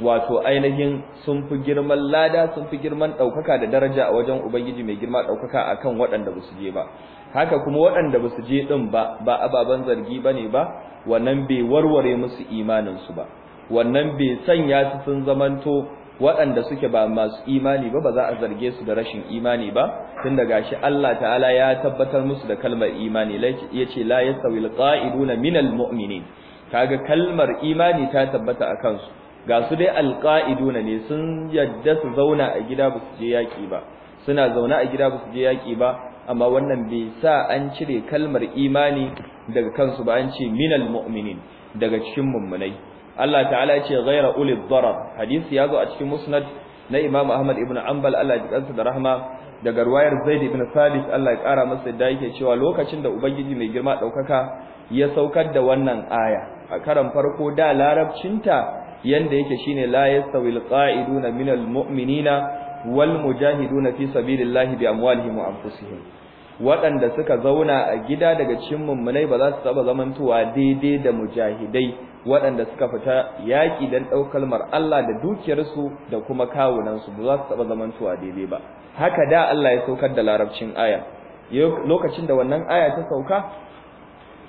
wato ainihin sun fi girman lada sun fi girman ɗaukaka da daraja a wajen ubangiji mai girma ɗaukaka akan waɗanda ba su je ba haka kuma waɗanda ba su je din ba ba ababan zargi ba ne ba wannan bai warware musu imaninsu ba wannan bai sanya su sun zamanto waɗanda suke ba masu imani ba ba za a zarge su da rashin imani ba tun da gashi Allah ta'ala ya tabbatar musu da kalmar imani yace la yasawil qa'iduna minal mu'minin kaga kalmar imani ta tabbata a kansu ga su dai alqa'iduna ne sun yadda su zauna a gida ba su je yaki ba suna zauna a gida ba su je yaki ba amma wannan bai sa an cire kalmar imani daga kansu ba an ce minal mu'minin daga cikin mummunai Allah ta'ala ya ce ghaira uli darar hadisi ya zo a cikin musnad na Imam Ahmad ibn Anbal Allah ya kansa da rahma daga ruwayar Zaid ibn Thabit Allah ya kara masa da yake cewa lokacin da Ubangiji mai girma daukaka ya saukar da wannan aya a karan farko da larabcinta yanda yake shine la yastawil qa'iduna minal mu'minina wal mujahiduna fi sabilillahi bi amwalihim wa anfusihim waɗanda suka zauna a gida daga cikin mummunai ba za su taba zamantuwa daidai da mujahidai waɗanda suka fita yaƙi dan ɗaukar mar Allah da dukiyarsu da kuma kawunansu ba za su taba zamantuwa daidai ba haka da Allah ya saukar da larabcin aya lokacin da wannan aya ta sauka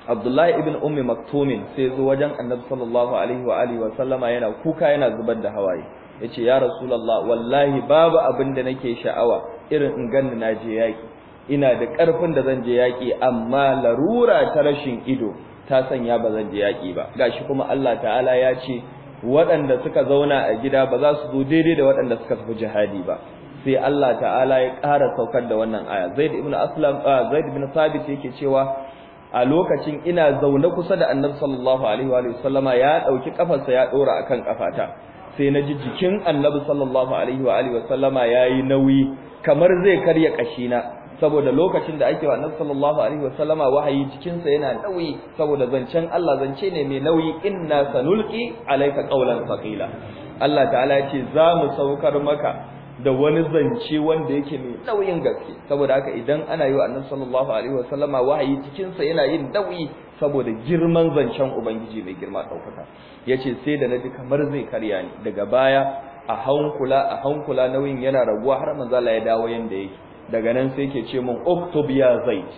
Abdullahi ibn Ummi Maktumin sai zo wajen Annabi sallallahu alaihi wa alihi wa sallama yana kuka yana zubar da hawaye yace ya Rasulullah wallahi babu abin da nake sha'awa irin in ganni na je yaki ina da karfin da zan je yaki amma larura ta rashin ido ta sanya ba zan je yaki ba gashi kuma Allah ta'ala ya ce waɗanda suka zauna a gida ba za su zo daidai da waɗanda suka tafi jihadi ba sai Allah ta'ala ya ƙara saukar da wannan aya Zaid ibn Aslam ah, Zaid ibn Thabit yake cewa a lokacin ina zaune kusa da annabi sallallahu alaihi wa sallama ya dauki kafarsa ya dora akan kafata sai na ji jikin annabi sallallahu alaihi wa sallama yayi nauyi kamar zai karya kashina saboda lokacin da ake wa annabi sallallahu alaihi wa sallama wahayi jikinsa yana nauyi saboda zancen Allah zance ne mai nauyi inna sanulqi alayka qawlan thaqila Allah ta'ala ya ce za mu saukar maka da wani zance wanda yake mai nauyin gaske saboda haka idan ana yi wa annabi sallallahu alaihi wasallama wahayi cikin sa yana yin nauyi saboda girman zancen ubangiji mai girma daukaka yace sai da naji kamar zai karya ni daga baya a hankula a hankula nauyin yana raguwa har manzo Allah ya dawo yanda yake daga nan sai yake ce mun uktub ya zaid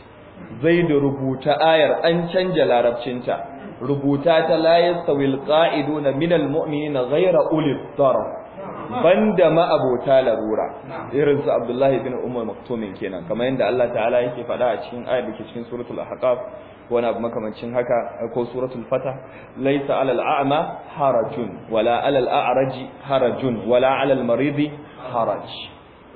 zaid rubuta ayar an canja larabcinta rubuta ta la yastawil qa'iduna minal mu'minina ghayra ulil darar banda ma'abota larura irin su Abdullahi bin Umar Maktumin kenan kamar yadda Allah ta'ala yake faɗa a cikin ayat dake cikin suratul ahqaf wani abu makamancin haka ko suratul fata laysa 'alal a'ma harajun wala 'alal a'raji harajun wala 'alal maridi haraj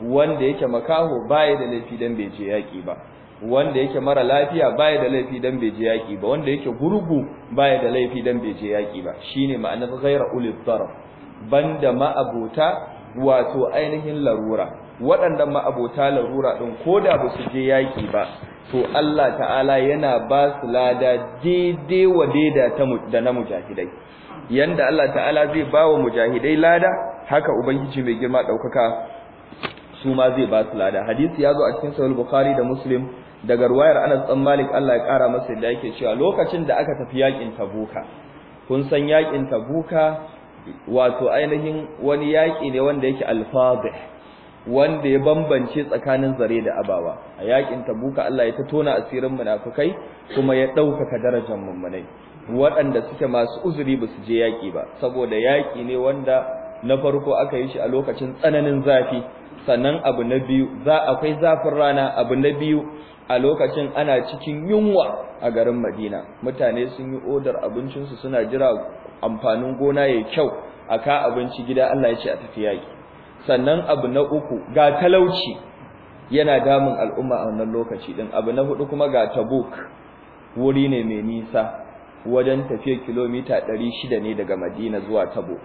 wanda yake makaho baya da laifi dan bai je yaki ba wanda yake mara lafiya baya da laifi dan bai je yaki ba wanda yake gurgu baya da laifi dan bai je yaki ba shine ma'anar ghayra ulil darar banda ma'abota wato ainihin larura waɗannan ma'abota larura ɗin ko da ba su je yaki ba to Allah ta'ala yana ba su lada daidai wa daida da na mujahidai yanda Allah ta'ala zai ba wa mujahidai lada haka ubangiji mai girma ɗaukaka su ma zai ba su lada hadisi ya zo a cikin sahih bukhari da muslim daga ruwayar Anas dan Malik Allah ya kara masa yadda yake cewa lokacin da aka tafi yakin Tabuka kun san yakin Tabuka wato ainihin wani yaƙi ne wanda yake alfadih wanda ya bambance tsakanin zare da abawa a yaƙin tabuka Allah ya ta tona asirin munafukai kuma ya ɗaukaka darajar mummunai waɗanda suke masu uzuri ba su je yaƙi ba saboda yaƙi ne wanda na farko aka yi shi a lokacin tsananin zafi sannan abu na biyu za akwai zafin rana abu na biyu a lokacin ana cikin yunwa a garin Madina mutane sun yi odar abincinsu suna jira amfanin gona yayi kyau a ka abinci gida Allah ya ce a tafi yaki sannan abu na uku ga talauci yana damun al'umma a wannan lokaci din abu na hudu kuma ga Tabuk wuri ne mai nisa wajen tafiya kilomita 600 ne daga Madina zuwa Tabuk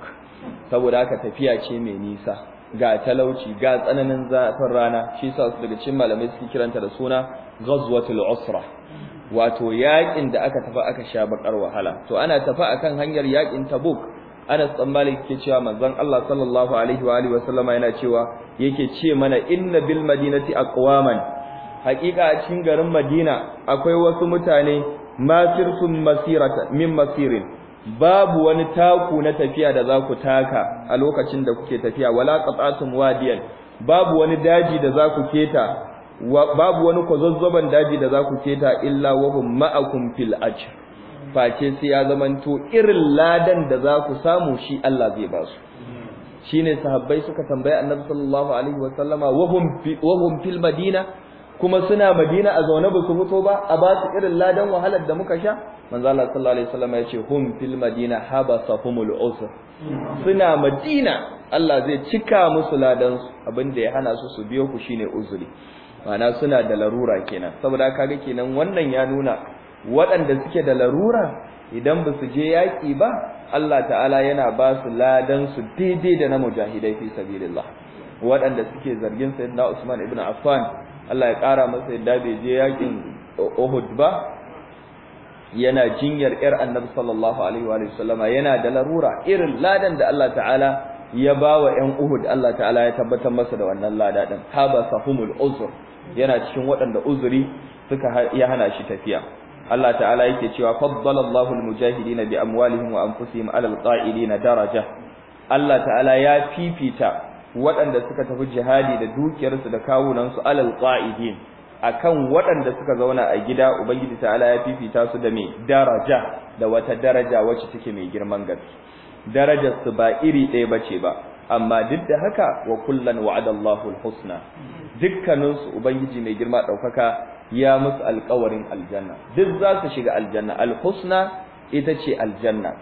saboda haka tafiya ce mai nisa ga talauci ga tsananin zafin rana shi yasa daga cikin malamai suke kiranta da suna ghazwatul usra wato yakin da aka tafi aka sha bakar wahala to ana tafi akan hanyar yakin Tabuk ana tsammali ke cewa manzon Allah sallallahu alaihi wa alihi wasallama yana cewa yake ce mana inna bil madinati aqwaman haƙiƙa a cikin garin Madina akwai wasu mutane masirsun masirata min masirin babu wani taku na tafiya da za ku taka a lokacin da kuke tafiya wala qat'atum wadiyan babu wani daji da za ku keta babu wani kwazazzaban daji da za ku keta illa wahum ma'akum fil ajr face sai ya zamanto irin ladan da za ku samu shi Allah zai ba su shine sahabbai suka tambaya annabi sallallahu alaihi wa sallama wahum wahum fil madina kuma suna madina a zaune ba su fito ba a ba su irin ladan wahalar da muka sha manzo Allah sallallahu alaihi wasallam ya ce hum fil madina habasahumul usr suna madina Allah zai cika musu ladan su abinda ya hana su su biyo ku shine uzuri ma'ana suna da larura kenan saboda kaga kenan wannan ya nuna waɗanda suke da larura idan ba su je yaƙi ba Allah ta'ala yana ba su ladan su daidai da na mujahidai fi sabilillah waɗanda suke zargin sayyidina Usman ibn Affan Allah ya ƙara masa yadda bai je yaƙin Uhud ba yana jinyar ƴar annabi sallallahu alaihi wa sallama yana da larura irin ladan da Allah ta'ala ya ba wa ƴan Uhud Allah ta'ala ya tabbatar masa da wannan lada din haba sahumul uzr yana cikin waɗanda uzuri suka ya hana shi tafiya Allah ta'ala yake cewa faddala Allahul mujahidin bi amwalihim wa anfusihim alal qa'ilin daraja Allah ta'ala ya fifita waɗanda suka tafi jihadi da dukiyarsu da kawunansu alal qa'idin akan waɗanda suka zauna a gida ubangiji ta'ala ya fifita su da me daraja da wata daraja wacce take mai girman gaske darajar su ba iri ɗaya bace ba amma duk da haka wa kullan wa'ada Allahul husna dukkaninsu ubangiji mai girma daukaka ya musu alƙawarin aljanna duk za su shiga aljanna alhusna ita ce aljanna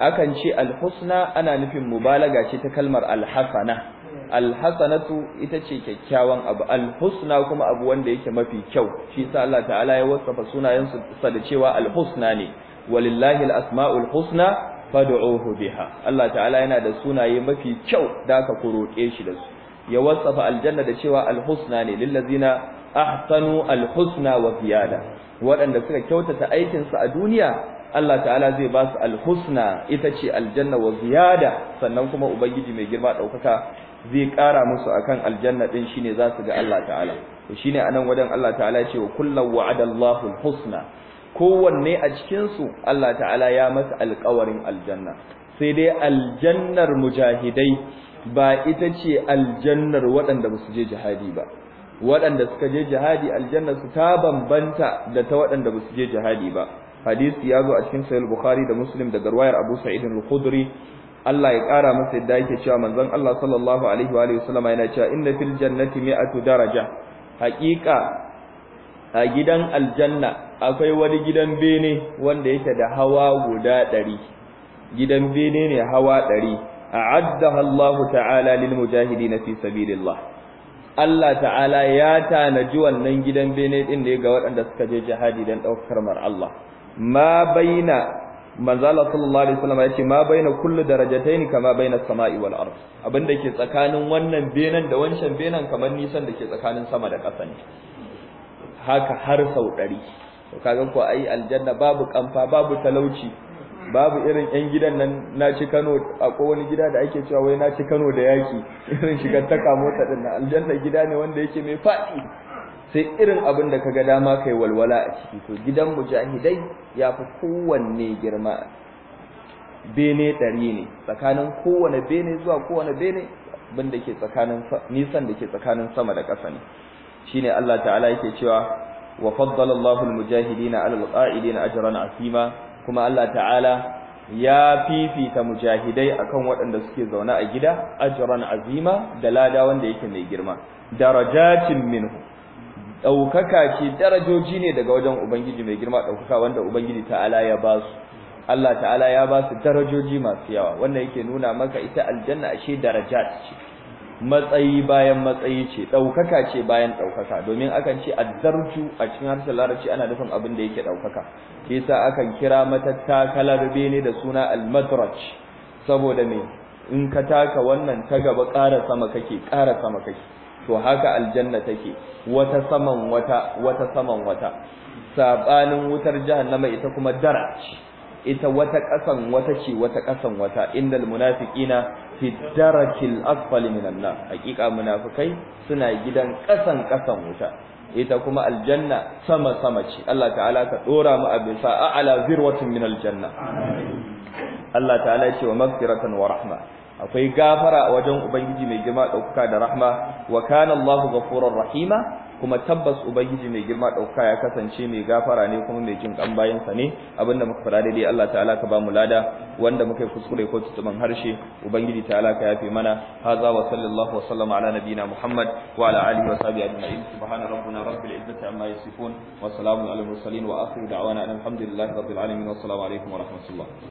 akan ce alhusna ana nufin mubalaga ce ta kalmar alhasana alhasanatu ita ce kyakkyawan abu alhusna kuma abu wanda yake mafi kyau shi sa Allah ta'ala ya wasafa sunayen su da cewa alhusna ne walillahi alasmaul husna fad'uhu biha Allah ta'ala yana da sunaye mafi kyau da aka kuroke shi da su ya wasafa aljanna da cewa alhusna ne lillazina ahsanu alhusna wa ziyada waɗanda suka kyautata aikin su a duniya Allah ta'ala zai ba su alhusna ita ce aljanna wa ziyada sannan kuma ubangiji mai girma daukaka zai ƙara musu akan aljanna din shine za su ga Allah ta'ala to shine anan wajen Allah ta'ala ya ce wa kullu wa'adallahu alhusna kowanne a cikinsu Allah ta'ala ya masa alƙawarin aljanna sai dai aljannar mujahidai ba ita ce aljannar waɗanda ba su je jihadi ba waɗanda suka je jihadi aljannar su ta bambanta da ta waɗanda ba su je jihadi ba hadisi ya zo a cikin sahih bukhari da muslim daga Garwayar abu sa'id al-khudri Allah ya ƙara masa yadda yake cewa manzon Allah sallallahu alaihi wa sallama yana cewa inna fil jannati mi'atu daraja haƙiƙa a gidan aljanna akwai wani gidan bene wanda yake da hawa guda ɗari gidan bene ne hawa ɗari a'addaha Allah ta'ala lil mujahidin fi sabilillah Allah ta'ala ya tanaji wannan gidan bene din ne ga waɗanda suka je jihadi dan daukar mar Allah ma baina manzala sallallahu alaihi wasallam yace ma baina kullu darajatayn kama baina as-sama'i wal ard abinda ke tsakanin wannan benen da wancan benen kamar nisan da ke tsakanin sama da ƙasa ne haka har sau ɗari to kaga ko ai aljanna babu kamfa babu talauci babu irin yan gidan nan na ci Kano akwai wani gida da ake cewa wai na ci Kano da yaki irin shigar ta mota din nan aljanna gida ne wanda yake mai fadi sai irin abin da kaga dama kai walwala a ciki to gidan mujahidai ya fi kowanne girma bene ɗari ne tsakanin kowane bene zuwa kowane bene abin ke tsakanin nisan da ke tsakanin sama da ƙasa ne shine Allah ta'ala yake cewa wa faddala Allahu al-mujahidina 'ala al-qa'idina ajran 'azima kuma Allah ta'ala ya fifita mujahidai akan waɗanda suke zaune a gida ajran 'azima da lada wanda yake mai girma darajatin minhu daukaka ce darajoji ne daga wajen ubangiji mai girma daukaka wanda ubangiji ta'ala ya ba su Allah ta'ala ya ba su darajoji masu yawa wannan yake nuna maka ita aljanna ashe darajat ce matsayi bayan matsayi ce ɗaukaka ce bayan ɗaukaka domin akan ce addarju a cikin harshen larabci ana nufin abin da yake ɗaukaka shi yasa akan kira matattakalar bene da suna al al-madraj saboda me in ka taka wannan ta gaba ƙara sama kake ƙara sama kake to haka aljanna take wata saman wata wata saman wata sabanin wutar jahannama ita kuma daraj ita wata ƙasan wata ce wata ƙasan wata inda munafiqina fi darakil asfali minan nar hakika munafikai suna gidan ƙasan ƙasan wuta ita kuma aljanna sama sama ce Allah ta'ala ka dora mu a bisa a'la zirwatin min aljanna Allah ta'ala ya ce wa maghfiratan wa rahma akwai gafara a wajen ubangiji mai girma ɗaukaka da rahma wa kana Allahu ghafurur rahima kuma tabbas ubangiji mai girma ɗauka ya kasance mai gafara ne kuma mai jin kan sa ne abinda muka fara daidai Allah ta'ala ka ba mu lada wanda muka yi kuskure ko tutuman harshe ubangiji ta'ala ka yafe mana haza wa sallallahu wa sallama ala nabiyina muhammad wa ala alihi wa sahbihi ajma'in subhana rabbuna rabbil izzati amma yasifun wa salamun alal mursalin wa akhiru da'wana alhamdulillahi rabbil alamin wa assalamu alaikum wa rahmatullah